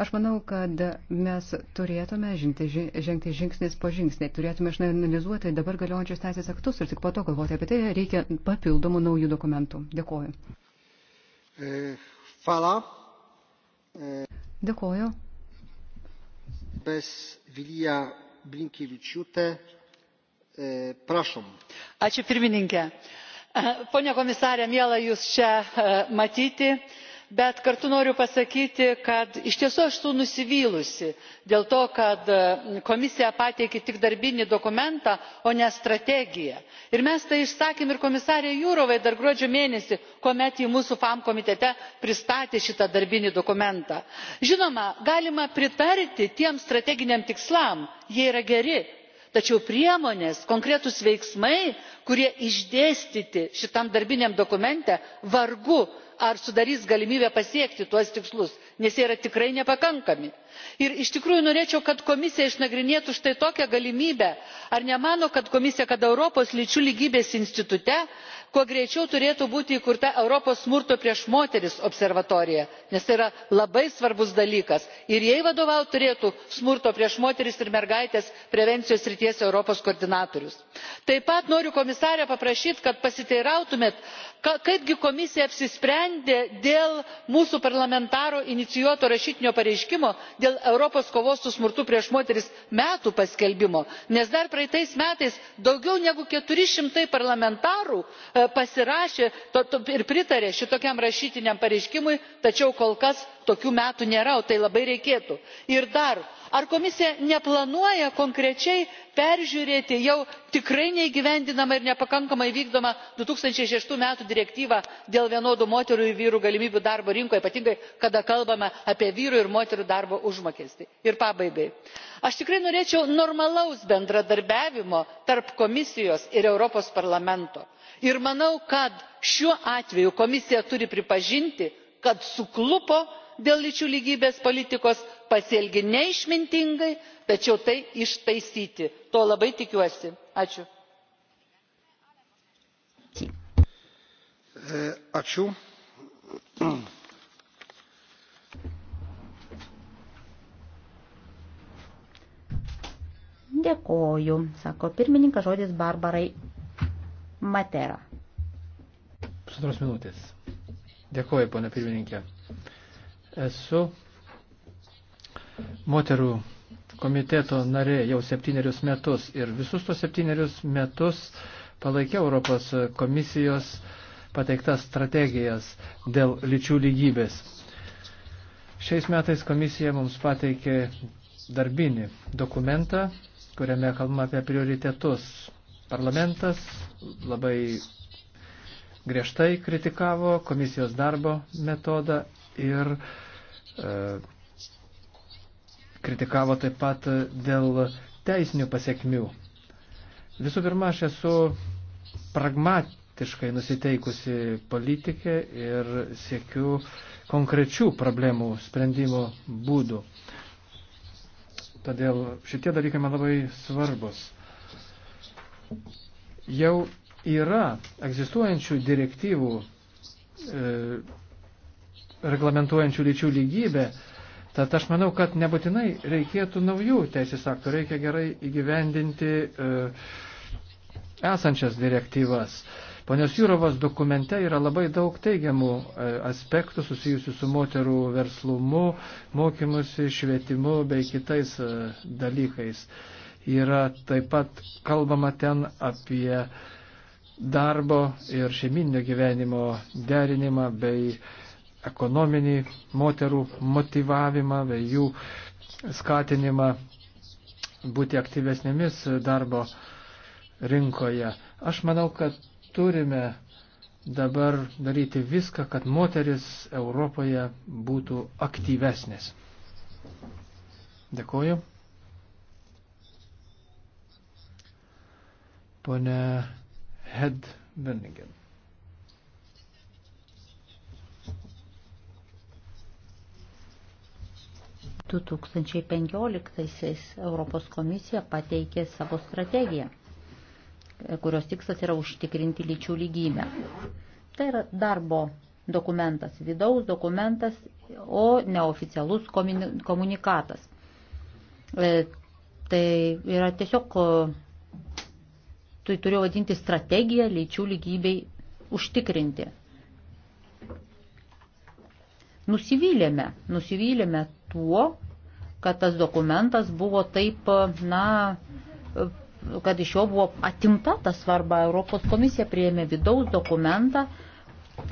Aš manau, kad mes turėtume žengti, žengti žingsnis po žingsnį, turėtume išanalizuoti dabar galiojančius teisės aktus ir tik po to galvoti apie tai reikia papildomų naujų dokumentų. Dėkoju. E, fala. E, Dėkoju. Bez vilija E, e, pone komisare miela jus čia e, matyti bet kartu noriu pasakyti kad iš tiesų aš esu nusivylusi dėl to kad e, komisija pateikė tik darbinį dokumentą o ne strategiją ir mes tai išsakėme ir komisarei jourovai dar gruodžio mėnesį kuomet ji mūsų femm komitete pristatė šitą darbinį dokumentą. žinoma galima pritarti tiems strateginiams tikslams jie yra geri tačiau priemonės konkretūs veiksmai kurie išdėstyti šitam darbiniam dokumente vargu ar sudarys galimybę pasiekti tuos tikslus nes jie yra tikrai nepakankami. ir iš tikrųjų norėčiau kad komisija išnagrinėtų štai tokią galimybę ar nemano komisija kad europos lyčių lygybės institute kuo greičiau turėtų būti įkurta europos smurto prieš moteris observatorija nes tai yra labai svarbus dalykas ir jai vadovauti turėtų smurto prieš moteris ir mergaites prevencijos srities europos koordinatorius. taip pat noriu komisare paprašyti kad pasiteirautumėte kaipgi komisija apsisprendžia nusprendė dėl mūsų parlamentaro inicijuoto rašytinio pareiškimo dėl europos kovos su smurtu prieš moteris metų paskelbimo nes dar praeitais metais daugiau negu keturi šimtai parlamentarų e, pasirašė ir pritarė šitokiam rašytiniam pareiškimui tačiau kol kas tokių metų nėra o tai labai reikėtų. ir dar ar komisija neplanuoja konkrečiai peržiūrėti jau tikrai neįgyvendinamą ir nepakankamai vykdomą du tūkstančiai šeši metų direktyvą dėl vienodų moterų ir vyrų galimybių darbo rinkoje ypatingai kada kalbame apie vyrų ir moterų darbo užmokestį? ir pabaigai aš tikrai norėčiau normalaus bendradarbiavimo tarp komisijos ir europos parlamento ir manau kad šiuo atveju komisija turi pripažinti kad suklupo dėl lyčių lygybės politikos pasielgė neišmintingai tačiau tai ištaisyti to labai tikiuosi. E, Dėkoju, sako pirmininkas žodis Barbarai Matera. Pusantros minutės. Dėkoju, ponė pirmininkė. Esu moterų komiteto narė jau septynerius metus ir visus tos septynerius metus palaikiau Europos komisijos pateiktas strategijas dėl lyčių lygybės. Šiais metais komisija mums pateikė darbinį dokumentą, kuriame kalbama apie prioritetus. Parlamentas labai griežtai kritikavo komisijos darbo metodą ir uh, E, kritikavo taip pat dėl teisinių pasiekmių. Visų pirma, aš esu pragmatiškai nusiteikusi politikė ir siekiu konkrečių problemų sprendimo būdų. Todėl šitie dalykai man labai svarbus. Jau yra egzistuojančių direktyvų e, reglamentuojančių lyčių lygybę. Tad aš manau, kad nebūtinai reikėtų naujų teisės aktų, reikia gerai įgyvendinti e, esančias direktyvas. Ponios Jūrovas dokumente yra labai daug teigiamų e, aspektų susijusių su moterų verslumu, mokymusi, švietimu bei kitais e, dalykais. Yra taip pat kalbama ten apie darbo ir šeiminio gyvenimo derinimą bei uh, ekonominį moterų motivavimą, jų skatinimą būti aktyvesnėmis darbo rinkoje. Aš manau, kad turime dabar daryti viską, kad moteris Europoje būtų aktyvesnės. Dėkuoju. Pone Hed Benningen. 2015-aisiais Europos komisija pateikė savo strategiją, kurios tikslas yra užtikrinti lyčių lygybę. Tai yra darbo dokumentas, vidaus dokumentas, o neoficialus komunikatas. E, tai yra tiesiog, e, tai turiu vadinti strategiją lyčių lygybei užtikrinti. Nusivylėme, nusivylėme tuo, kad tas dokumentas buvo taip, na, kad iš jo buvo atimta ta svarba. Europos komisija prieėmė vidaus dokumentą,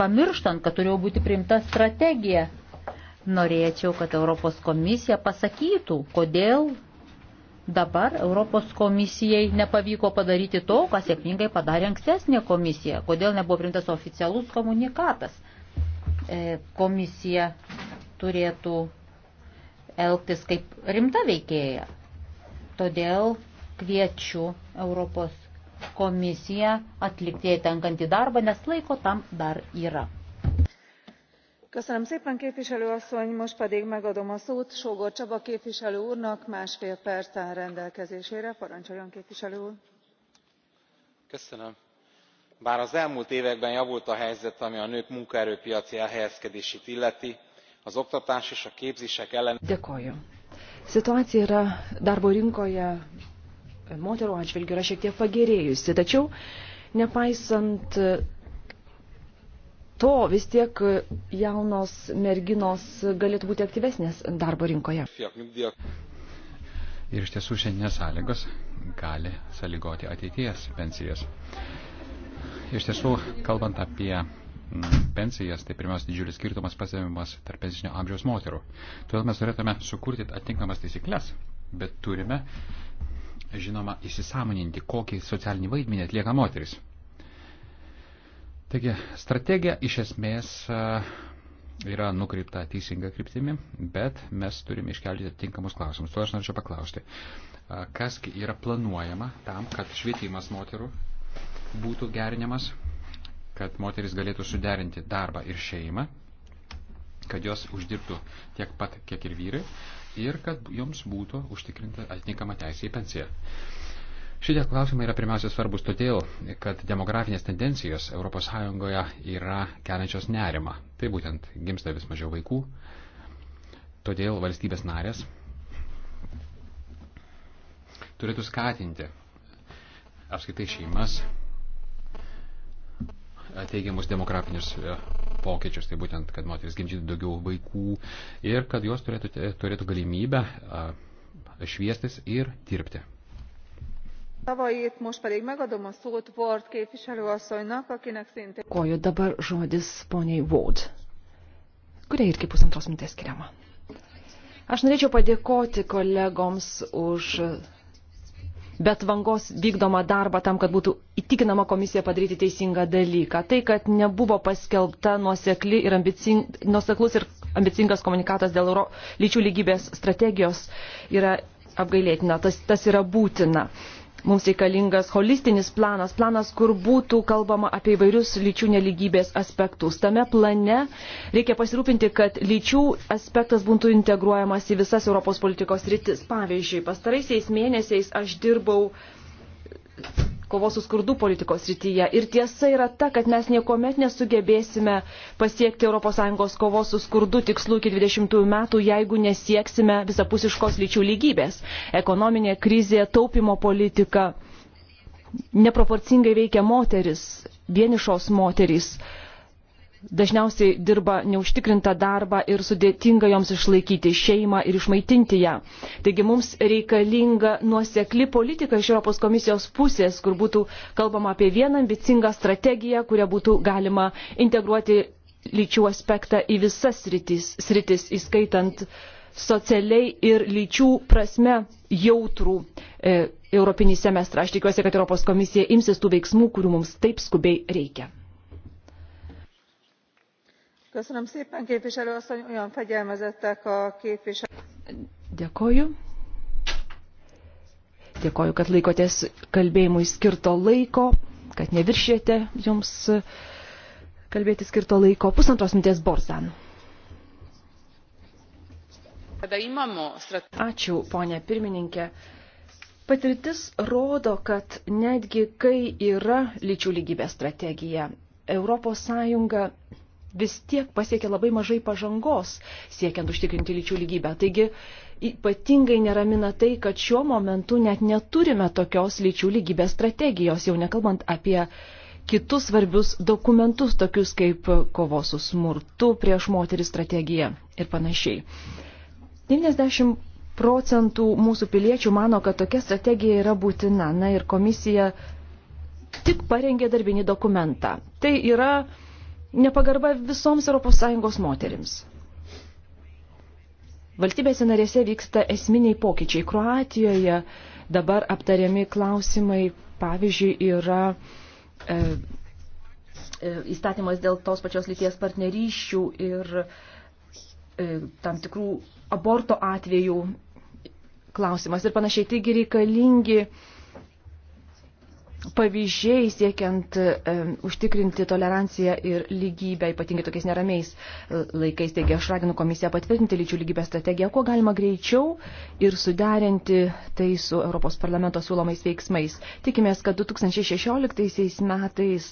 pamirštant, kad turėjo būti priimta strategija. Norėčiau, kad Europos komisija pasakytų, kodėl dabar Europos komisijai nepavyko padaryti to, ką sėkmingai padarė ankstesnė komisija, kodėl nebuvo priimtas oficialus komunikatas. E, komisija turėtų elgtis kaip rimta veikėja. Todėl kviečiu Europos komisiją atlikti jai tenkantį darbą, nes laiko tam dar yra. Köszönöm szépen, képviselő asszony, most pedig megadom a szót Sógor Csaba képviselő úrnak, másfél perc áll rendelkezésére. Parancsoljon, képviselő úr! Köszönöm bár az elmúlt években javult a helyzet ami a nők munkaerőpiaci elhelyezkedését illeti az oktatás és a képzések ellenőrzése. situacija darbo rinkoje moterų atžvilgiu yra šiek tiek pagerėjusi tačiau nepaisant to vis tiek jaunos merginos galėtų būti aktyvesnės darbo rinkoje. Ir iš tiesų šiandienės sąlygos gali sąlygoti ateities pensijas. Iš tiesų, kalbant apie mm, pensijas, tai pirmiausia didžiulis skirtumas pasiekimas tarp pensinio amžiaus moterų. Todėl mes turėtume sukurti atitinkamas taisyklės, bet turime, žinoma, įsisamoninti, kokį socialinį vaidmenį atlieka moteris. Taigi, strategija iš esmės e, yra nukreipta teisinga kryptimi, bet mes turime iškelti atitinkamus klausimus. Tuo aš norėčiau paklausti, kas yra planuojama tam, kad švietimas moterų būtų gerinimas, kad moteris galėtų suderinti darbą ir šeimą, kad jos uždirbtų tiek pat, kiek ir vyrai, ir kad joms būtų užtikrinta atitinkama teisė į pensiją. Šitie klausimai yra pirmiausia svarbus todėl, kad demografinės tendencijos ES yra keliančios nerimą. Tai būtent gimsta vis mažiau vaikų, todėl valstybės narės turėtų skatinti apskaitai šeimas teigiamus demografinius e, pokyčius, tai būtent, kad moteris gimdytų daugiau vaikų ir kad jos turėtų, e, turėtų galimybę šviestis ir dirbti. Koju dabar žodis poniai Vod, kurie irgi pusantros mintės skiriama. Aš norėčiau padėkoti kolegoms už bet vangos vykdomą darbą tam, kad būtų įtikinama komisija padaryti teisingą dalyką. Tai, kad nebuvo paskelbta nuosekli ir ambicing, nuoseklus ir ambicingas komunikatas dėl Euro lyčių lygybės strategijos yra apgailėtina, tas, tas yra būtina. Uh, Mums reikalingas holistinis planas, planas, kur būtų kalbama apie įvairius lyčių neligybės aspektus. Tame plane reikia pasirūpinti, kad lyčių aspektas būtų integruojamas į visas Europos politikos rytis. Pavyzdžiui, pastaraisiais mėnesiais aš dirbau kovos su skurdu politikos rytyje. Ir tiesa yra ta, kad mes niekuomet nesugebėsime pasiekti ES kovos su skurdu tikslų iki 20 metų, jeigu nesieksime visapusiškos lyčių lygybės. Ekonominė krizė, taupimo politika neproporcingai veikia moteris, vienišos moterys. moterys dažniausiai dirba neužtikrintą darbą ir sudėtinga joms išlaikyti šeimą ir išmaitinti ją. Taigi mums reikalinga nuosekli politika iš Europos komisijos pusės, kur būtų kalbama apie vieną ambicingą strategiją, kurią būtų galima integruoti lyčių aspektą į visas sritis, sritis įskaitant socialiai ir lyčių prasme jautrų e, europinį semestrą. Aš tikiuosi, kad Europos komisija imsis tų veiksmų, kurių mums taip skubiai reikia. Dėkoju. Dėkoju, kad laikotės kalbėjimui skirto laiko, kad neviršėte jums kalbėti skirto laiko. Pusantros minties Borzan. Ačiū, ponė pirmininkė. Patirtis rodo, kad netgi kai yra lyčių lygybės strategija, ES vis tiek pasiekė labai mažai pažangos siekiant užtikrinti lyčių lygybę. Taigi ypatingai neramina tai, kad šiuo momentu net neturime tokios lyčių lygybės strategijos, jau nekalbant apie kitus svarbius dokumentus, tokius kaip kovos su smurtu prieš moterį strategija ir panašiai. 90 procentų mūsų piliečių mano, kad tokia strategija yra būtina. Na ir komisija tik parengė darbinį dokumentą. Tai yra nepagarba visoms ES moterims. Valstybėse narėse vyksta esminiai pokyčiai. Kroatijoje dabar aptariami klausimai, pavyzdžiui, yra e, e, įstatymas dėl tos pačios lyties partnerysčių ir e, tam tikrų aborto atvejų klausimas ir panašiai. Taigi reikalingi e, pavyzdžiai siekiant e, užtikrinti toleranciją ir lygybę, ypatingai tokiais neramiais e, laikais. Taigi aš raginu komisiją patvirtinti lyčių lygybės strategiją, kuo galima greičiau ir suderinti tai su Europos parlamento siūlomais veiksmais. Tikimės, kad 2016 metais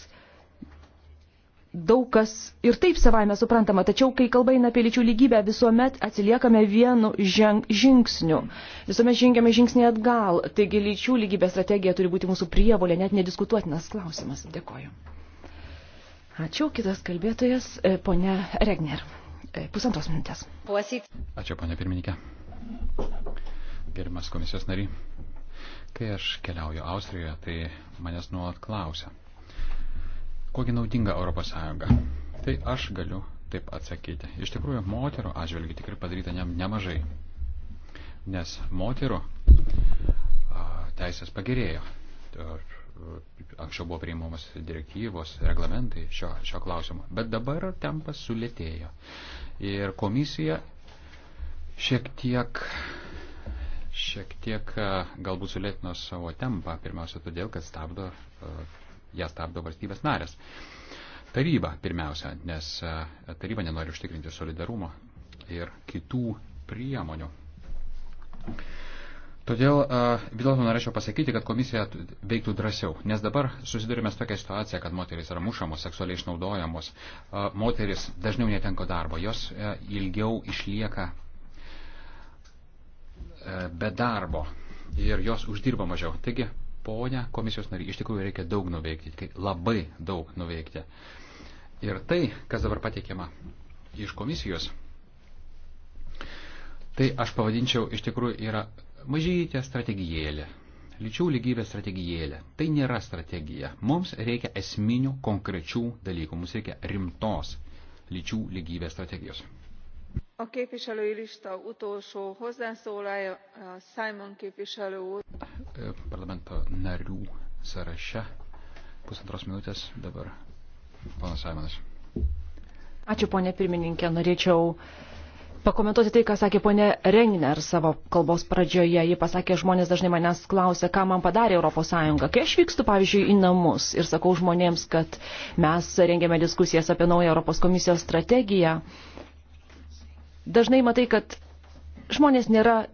daug kas ir taip savaime suprantama, tačiau kai kalba eina apie lyčių lygybę, visuomet atsiliekame vienu ženg, žingsniu. Visuomet žengiame žingsnį atgal. Taigi lyčių lygybės strategija turi būti mūsų prievolė, net nediskutuotinas klausimas. Dėkoju. Ačiū, kitas kalbėtojas, e, ponia Regner. E, Pusantros minutės. Ačiū, ponia pirmininkė. Gerimas komisijos nariai. Kai aš keliauju Austrijoje, tai manęs nuolat klausia kogi naudinga ES. Tai aš galiu taip atsakyti. Iš tikrųjų, moterų atžvilgių tikrai padaryta ne, nemažai, nes moterų a, teisės pagerėjo. Anksčiau buvo priimamas direktyvos, reglamentai šio, šio klausimo, bet dabar tempas sulėtėjo. Ir komisija šiek tiek, šiek tiek galbūt sulėtino savo tempą, pirmiausia todėl, kad stabdo a, ją stabdo valstybės narės. Taryba pirmiausia, nes e, taryba nenori užtikrinti solidarumo ir kitų priemonių. Todėl e, vis dėlto norėčiau pasakyti, kad komisija veiktų drąsiau, nes dabar susidurime su tokia situacija, kad moteris yra mušamos, seksualiai išnaudojamos, e, moteris dažniau netenko darbo, jos ilgiau išlieka be darbo ir jos uždirba mažiau. Taigi Pone komisijos nariai, iš tikrųjų reikia daug nuveikti, labai daug nuveikti. Ir tai, kas dabar pateikiama iš komisijos, tai aš pavadinčiau iš tikrųjų yra mažytė strategijėlė. Lyčių lygybės strategijėlė. Tai nėra strategija. Mums reikia esminių konkrečių dalykų. Mums reikia rimtos lyčių lygybės strategijos a képviselőlista utolsó hozzászólája simon képviselő úr. parlamento narių sąraše pusantros minutės dabar ponas simonas. Ačiū ponė pirmininkė, norėčiau pakomentuoti tai, ką sakė ponė Regner savo kalbos pradžioje. Ji pasakė, žmonės dažnai manęs klausia, ką man padarė ES. Kai aš vykstu, pavyzdžiui, į namus ir sakau žmonėms, kad mes rengėme diskusijas apie naują ES komisijos strategiją, dažnai matai, kad žmonės nėra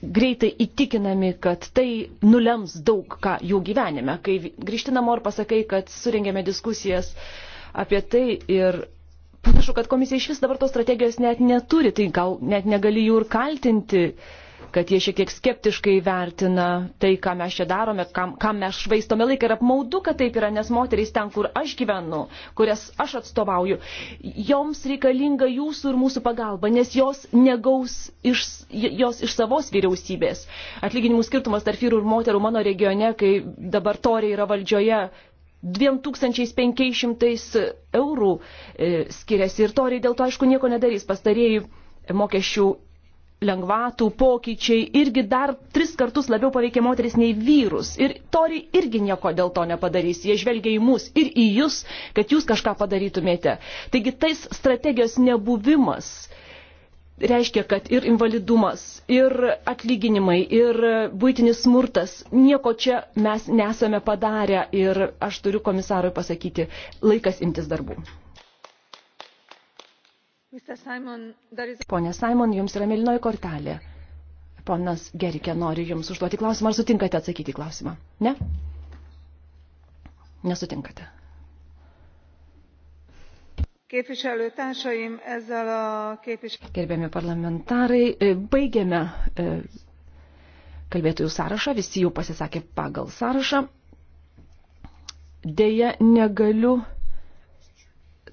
greitai įtikinami, kad tai nulems daug ką jų gyvenime. Kai grįžti namo ir pasakai, kad surengėme diskusijas apie tai ir panašu, kad komisija iš vis dabar tos strategijos net neturi, tai gal net negali jų ir kaltinti. Uh, kad jie šiek tiek skeptiškai vertina tai, ką mes čia darome, kam, kam mes švaistome laiką ir apmaudu, kad taip yra, nes moterys ten, kur aš gyvenu, kurias aš atstovauju, joms reikalinga jūsų ir mūsų pagalba, nes jos negaus iš, jos iš savos vyriausybės. Atlyginimų skirtumas tarp vyrų ir moterų mano regione, kai dabar toriai yra valdžioje, 2500 eurų e, skiriasi ir toriai dėl to aišku nieko nedarys. Pastarėjai mokesčių lengvatų pokyčiai irgi dar tris kartus labiau paveikė moteris nei vyrus. Ir tori irgi nieko dėl to nepadarys. Jie žvelgia į mus ir į jūs, kad jūs kažką padarytumėte. Taigi tais strategijos nebuvimas reiškia, kad ir invalidumas, ir atlyginimai, ir būtinis smurtas, nieko čia mes nesame padarę ir aš turiu komisarui pasakyti, laikas imtis darbų. Pone Simon, jums yra mėlynoji kortelė. Ponas Gerikė nori jums užduoti klausimą. Ar sutinkate atsakyti klausimą? Ne? Nesutinkate. Gerbiami parlamentarai, e, baigiame e, kalbėtojų sąrašą, visi jau pasisakė pagal sąrašą. Deja, negaliu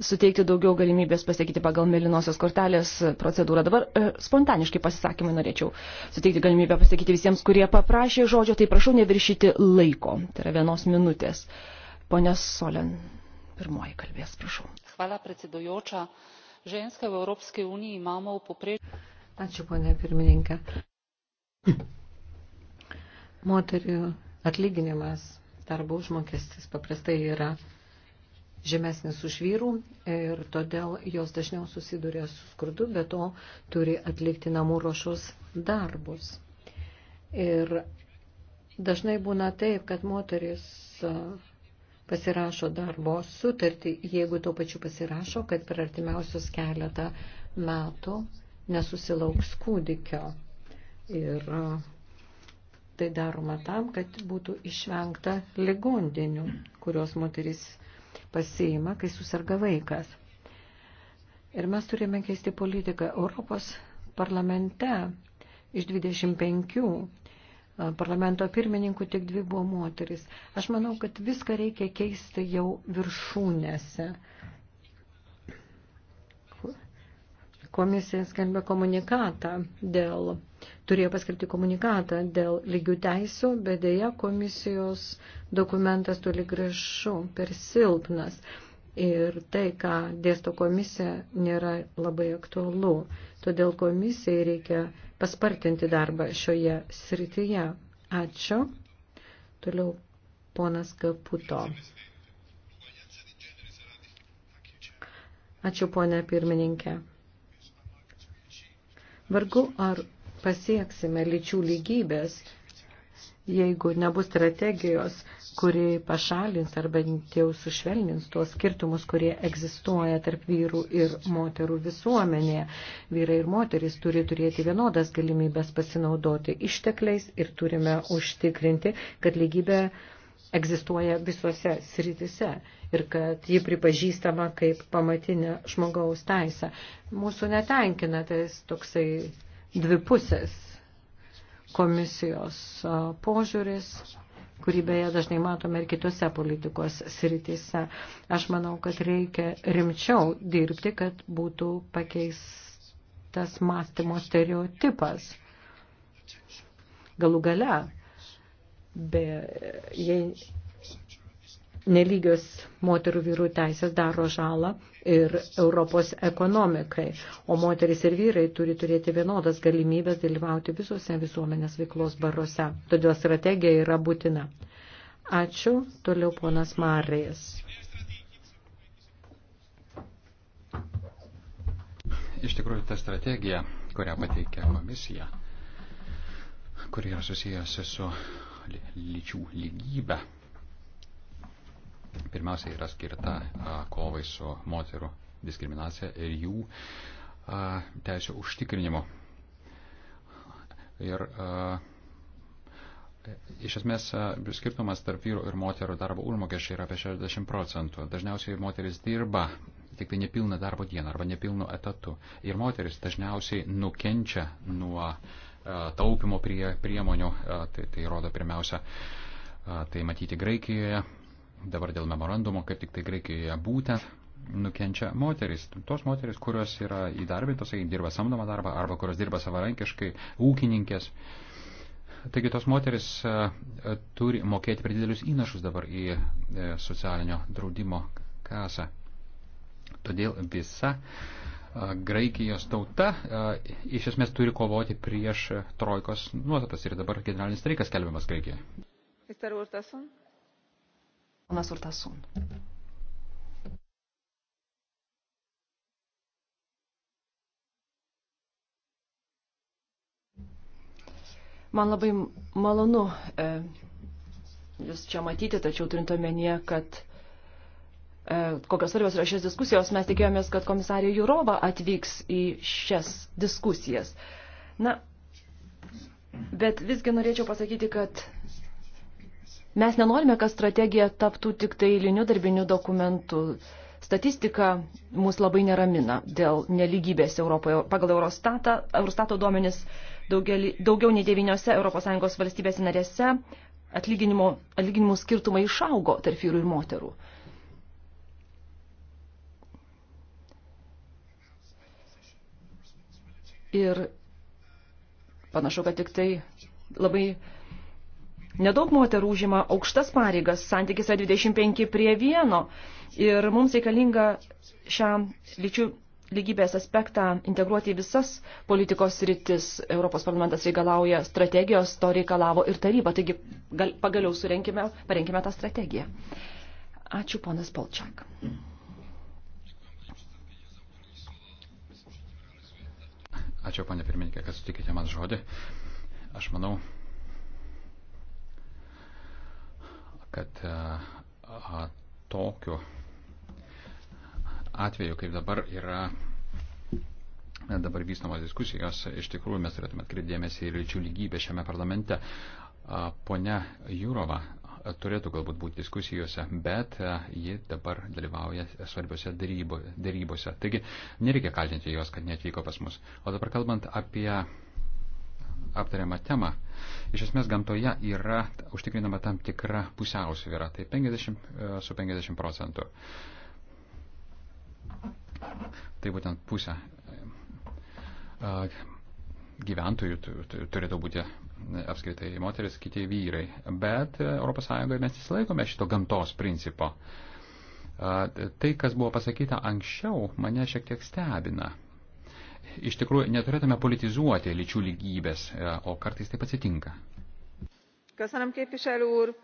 suteikti daugiau galimybės pasakyti pagal mėlynosios kortelės procedūrą. Dabar e, spontaniškai pasisakymai norėčiau suteikti galimybę pasakyti visiems, kurie paprašė žodžio, tai prašau neviršyti laiko, tai yra vienos minutės. Pone Solen, pirmoji kalbės, prašau. Hvala, predsedujoča. Ženska v Europske uniji imamo v poprečju. Ačiū, ponė pirmininkė. Moterių atlyginimas darbo užmokestis paprastai yra žemesnis už vyrų ir todėl jos dažniau susiduria su skurdu, bet to turi atlikti namų ruošos darbus. Ir dažnai būna taip, kad moteris pasirašo darbo sutartį, jeigu tuo pačiu pasirašo, kad per artimiausius keletą metų nesusilauks kūdikio. Ir tai daroma tam, kad būtų išvengta ligondinių, kurios moteris pasiima, kai susirga vaikas. Ir mes turime keisti politiką. Europos parlamente iš 25 parlamento pirmininkų tik dvi buvo moteris. Aš manau, kad viską reikia keisti jau viršūnėse. komisija skelbė komunikatą dėl, turėjo paskelbti komunikatą dėl lygių teisų, bet dėja komisijos dokumentas toli gražu per silpnas. Ir tai, ką dėsto komisija, nėra labai aktualu. Todėl komisijai reikia paspartinti darbą šioje srityje. Ačiū. Toliau ponas Kaputo. Ačiū, ponė pirmininkė. Vargu ar pasieksime lyčių lygybės, jeigu nebus strategijos, kuri pašalins arba jau sušvelnins tuos skirtumus, kurie egzistuoja tarp vyrų ir moterų visuomenėje. Vyrai ir moteris turi turėti vienodas galimybės pasinaudoti ištekliais ir turime užtikrinti, kad lygybė egzistuoja visose sritise ir kad ji pripažįstama kaip pamatinė žmogaus teisė. Mūsų netenkina tas toksai dvipusės komisijos požiūris kurį beje dažnai matome ir kitose politikos sritise. Aš manau, kad reikia rimčiau dirbti, kad būtų pakeistas mąstymo stereotipas. Galų gale, be, jei nelygios moterų vyrų teisės daro žalą ir Europos ekonomikai, o moteris ir vyrai turi turėti vienodas galimybės dalyvauti visose visuomenės veiklos baruose. Todėl strategija yra būtina. Ačiū. Toliau ponas Marijas. Iš tikrųjų, ta strategija, kurią pateikė komisija, kuri yra susijusi su lyčių lygybė pirmiausia yra skirta kovai su moterų diskriminacija ir jų teisų užtikrinimo. Ir a, iš esmės a, skirtumas tarp vyrų ir moterų darbo užmokesčiai yra apie 60 procentų. Dažniausiai moteris dirba tik tai nepilną darbo dieną arba nepilnu etatu. Ir moteris dažniausiai nukenčia nuo a, taupimo prie priemonių, tai, tai rodo pirmiausia, tai matyti Graikijoje, dabar dėl memorandumo, kaip tik tai Graikijoje būtent nukenčia moteris. Tos moteris, kurios yra įdarbintos, sakykime, dirba samdomą darbą arba kurios dirba savarankiškai, ūkininkės. Taigi tos moteris e, e, turi mokėti per didelius įnašus dabar į e, socialinio draudimo kasą. Todėl visa Graikijos tauta iš esmės turi kovoti prieš trojkos nuostatas ir dabar generalinis streikas kelbiamas Graikijoje. Mr. Urtasun. Ponas Urtasun. Man labai malonu e, jūs čia matyti, tačiau turint omenyje, kad e, kokios svarbios yra šios diskusijos, mes tikėjomės, kad komisarė Jurova atvyks į šias diskusijas. Na, bet visgi norėčiau pasakyti, kad Mes nenorime, kad strategija taptų tik tai eiliniu darbiniu dokumentu. Statistika mus labai neramina dėl neligybės Europoje. Pagal Eurostatą, Eurostato duomenis daugiau, daugiau nei devyniose ES valstybės narėse atlyginimų skirtumai išaugo tarp vyrų ir moterų. Ir panašu, kad tik tai labai Nedaug moterų užima aukštas pareigas, santykis yra 25 prie vieno ir mums reikalinga šią lyčių lygybės aspektą integruoti į visas politikos rytis. Europos parlamentas reikalauja strategijos, to reikalavo ir taryba, taigi gal, pagaliau surenkime, parenkime tą strategiją. Ačiū, ponas Polčiak. Ačiū, ponė pirmininkė, kad sutikite man žodį. Aš manau, kad e, a, tokiu atveju, kaip dabar yra e, dabar vystamos diskusijos, iš tikrųjų mes turėtume atkreipdėmėsi į lyčių lygybę šiame parlamente. A, ponia Jūrova a, e, turėtų galbūt būti diskusijose, bet a, ji dabar dalyvauja svarbiose darybo, darybose. Taigi nereikia kaltinti jos, kad neatvyko pas mus. O dabar kalbant apie aptariamą temą, iš esmės gamtoje yra užtikrinama tam tikra pusiausvyrą, tai 50 e, su 50 procentų. Tai būtent pusė e, gyventojų turėtų būti e, apskritai moteris, kiti vyrai. Bet ES mes nesilaikome šito gamtos principo. Tai, kas buvo pasakyta anksčiau, mane šiek tiek stebina iš tikrųjų neturėtume politizuoti lyčių lygybės, e, o kartais taip atsitinka. Köszönöm, képviselő úr.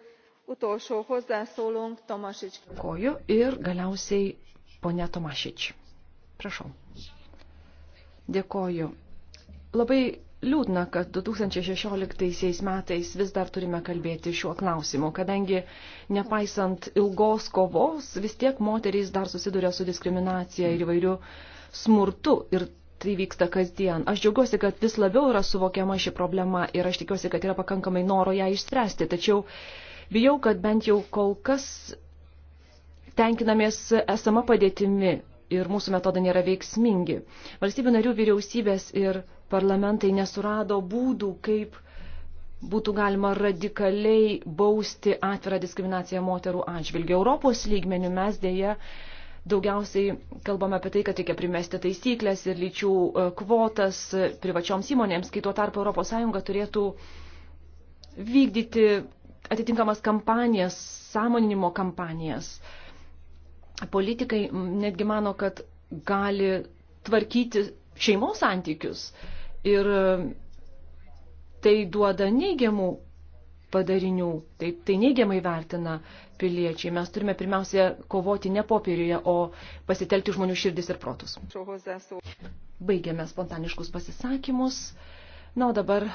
Utolsó hozzászólónk Tomasics. Koju ir galiausiai ponia Tomasič. Prašau. Dėkoju. Labai liūdna, kad 2016 metais vis dar turime kalbėti šiuo klausimu, kadangi nepaisant ilgos kovos, vis tiek moterys dar susiduria su diskriminacija ir įvairių smurtu. Ir tai vyksta kasdien. Aš džiaugiuosi, kad vis labiau yra suvokiama ši problema ir aš tikiuosi, kad yra pakankamai noro ją išspręsti. Tačiau bijau, kad bent jau kol kas tenkinamės esama padėtimi ir mūsų metodai nėra veiksmingi. Valstybių narių vyriausybės ir parlamentai nesurado būdų, kaip būtų galima radikaliai bausti atvirą diskriminaciją moterų atžvilgių. Europos lygmenių mes dėja Daugiausiai kalbame apie tai, kad reikia primesti taisyklės ir lyčių e, kvotas privačioms įmonėms, kai tuo tarpu ES turėtų vykdyti atitinkamas kampanijas, sąmoninimo kampanijas. Politikai netgi mano, kad gali tvarkyti šeimos santykius ir tai duoda neigiamų padarinių, tai, tai neigiamai vertina piliečiai. Mes turime pirmiausia kovoti ne popieriuje, o pasitelkti žmonių širdis ir protus. Baigiame spontaniškus pasisakymus. Na, o dabar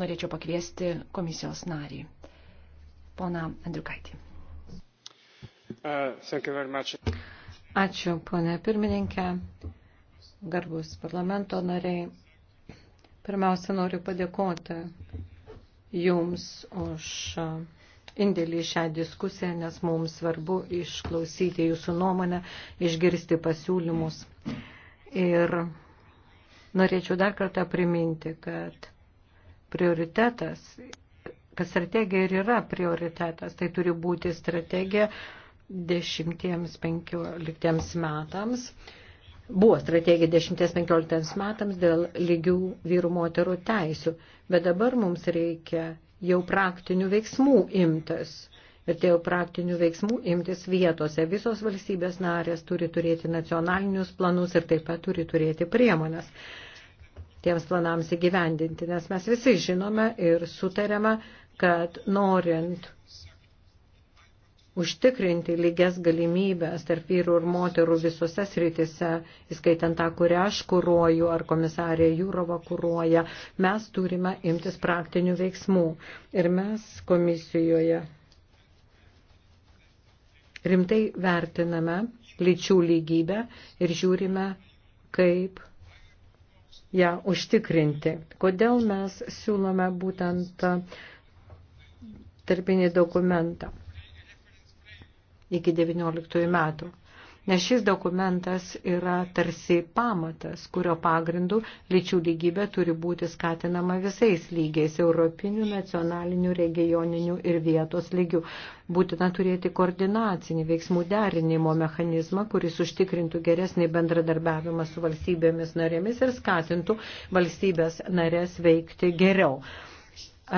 norėčiau pakviesti komisijos narį, pona Andriukaitį. Uh, Ačiū, ponė pirmininkė, garbus parlamento nariai. Pirmiausia, noriu padėkoti Jums už indėlį į šią diskusiją, nes mums svarbu išklausyti jūsų nuomonę, išgirsti pasiūlymus. Ir norėčiau dar kartą priminti, kad prioritetas, kad strategija ir yra prioritetas, tai turi būti strategija 10-15 metams buvo strategija 10-15 metams dėl lygių vyrų moterų teisių, bet dabar mums reikia jau praktinių veiksmų imtas. Ir tie praktinių veiksmų imtis vietose. Visos valstybės narės turi turėti nacionalinius planus ir taip pat turi turėti priemonės tiems planams įgyvendinti, nes mes visi žinome ir sutarėme, kad norint užtikrinti lygias galimybės tarp vyrų ir moterų visose sritise, įskaitant tą, kurią aš kūruoju ar komisarė Jūrova kūruoja, mes turime imtis praktinių veiksmų. Ir mes komisijoje rimtai vertiname lyčių lygybę ir žiūrime, kaip ją užtikrinti. Kodėl mes siūlome būtent tarpinį dokumentą? iki 19 metų. Nes šis dokumentas yra tarsi pamatas, kurio pagrindų lyčių lygybė turi būti skatinama visais lygiais - europinių, nacionalinių, regioninių ir vietos lygių. Būtina turėti koordinacinį veiksmų derinimo mechanizmą, kuris užtikrintų geresnį bendradarbiavimą su valstybėmis narėmis ir skatintų valstybės narės veikti geriau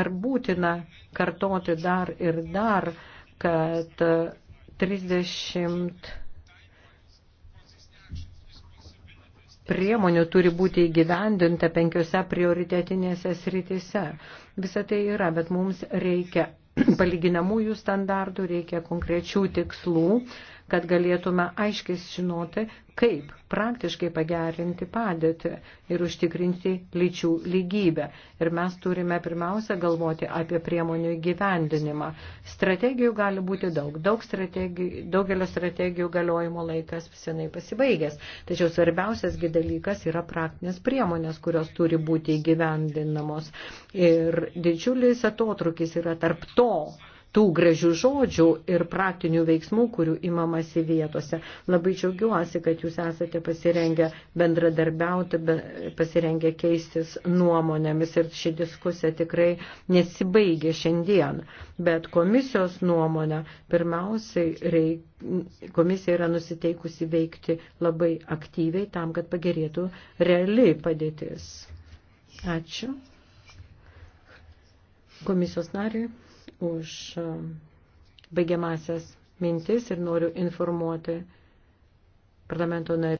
ar būtina kartoti dar ir dar, kad 30 priemonių turi būti įgyvendinta penkiose prioritetinėse srityse. Visa tai yra, bet mums reikia *clears throat* palyginamųjų standartų, reikia konkrečių tikslų, kad galėtume aiškiai žinoti, kaip praktiškai pagerinti padėtį ir užtikrinti lyčių lygybę. Ir mes turime pirmiausia galvoti apie priemonių įgyvendinimą. Strategijų gali būti daug. daug strategijų, daugelio strategijų galiojimo laikas senai pasibaigęs. Tačiau svarbiausiasgi dalykas yra praktinės priemonės, kurios turi būti įgyvendinamos. Ir didžiulis atotrukis yra tarp to, tų gražių žodžių ir praktinių veiksmų, kurių imamasi vietose. Labai džiaugiuosi, kad jūs esate pasirengę bendradarbiauti, pasirengę keistis nuomonėmis ir ši diskusija tikrai nesibaigė šiandien. Bet komisijos nuomonė pirmiausiai reik, komisija yra nusiteikusi veikti labai aktyviai tam, kad pagerėtų reali padėtis. Ačiū. Komisijos nariui už e, baigiamasias mintis ir noriu informuoti parlamento narį.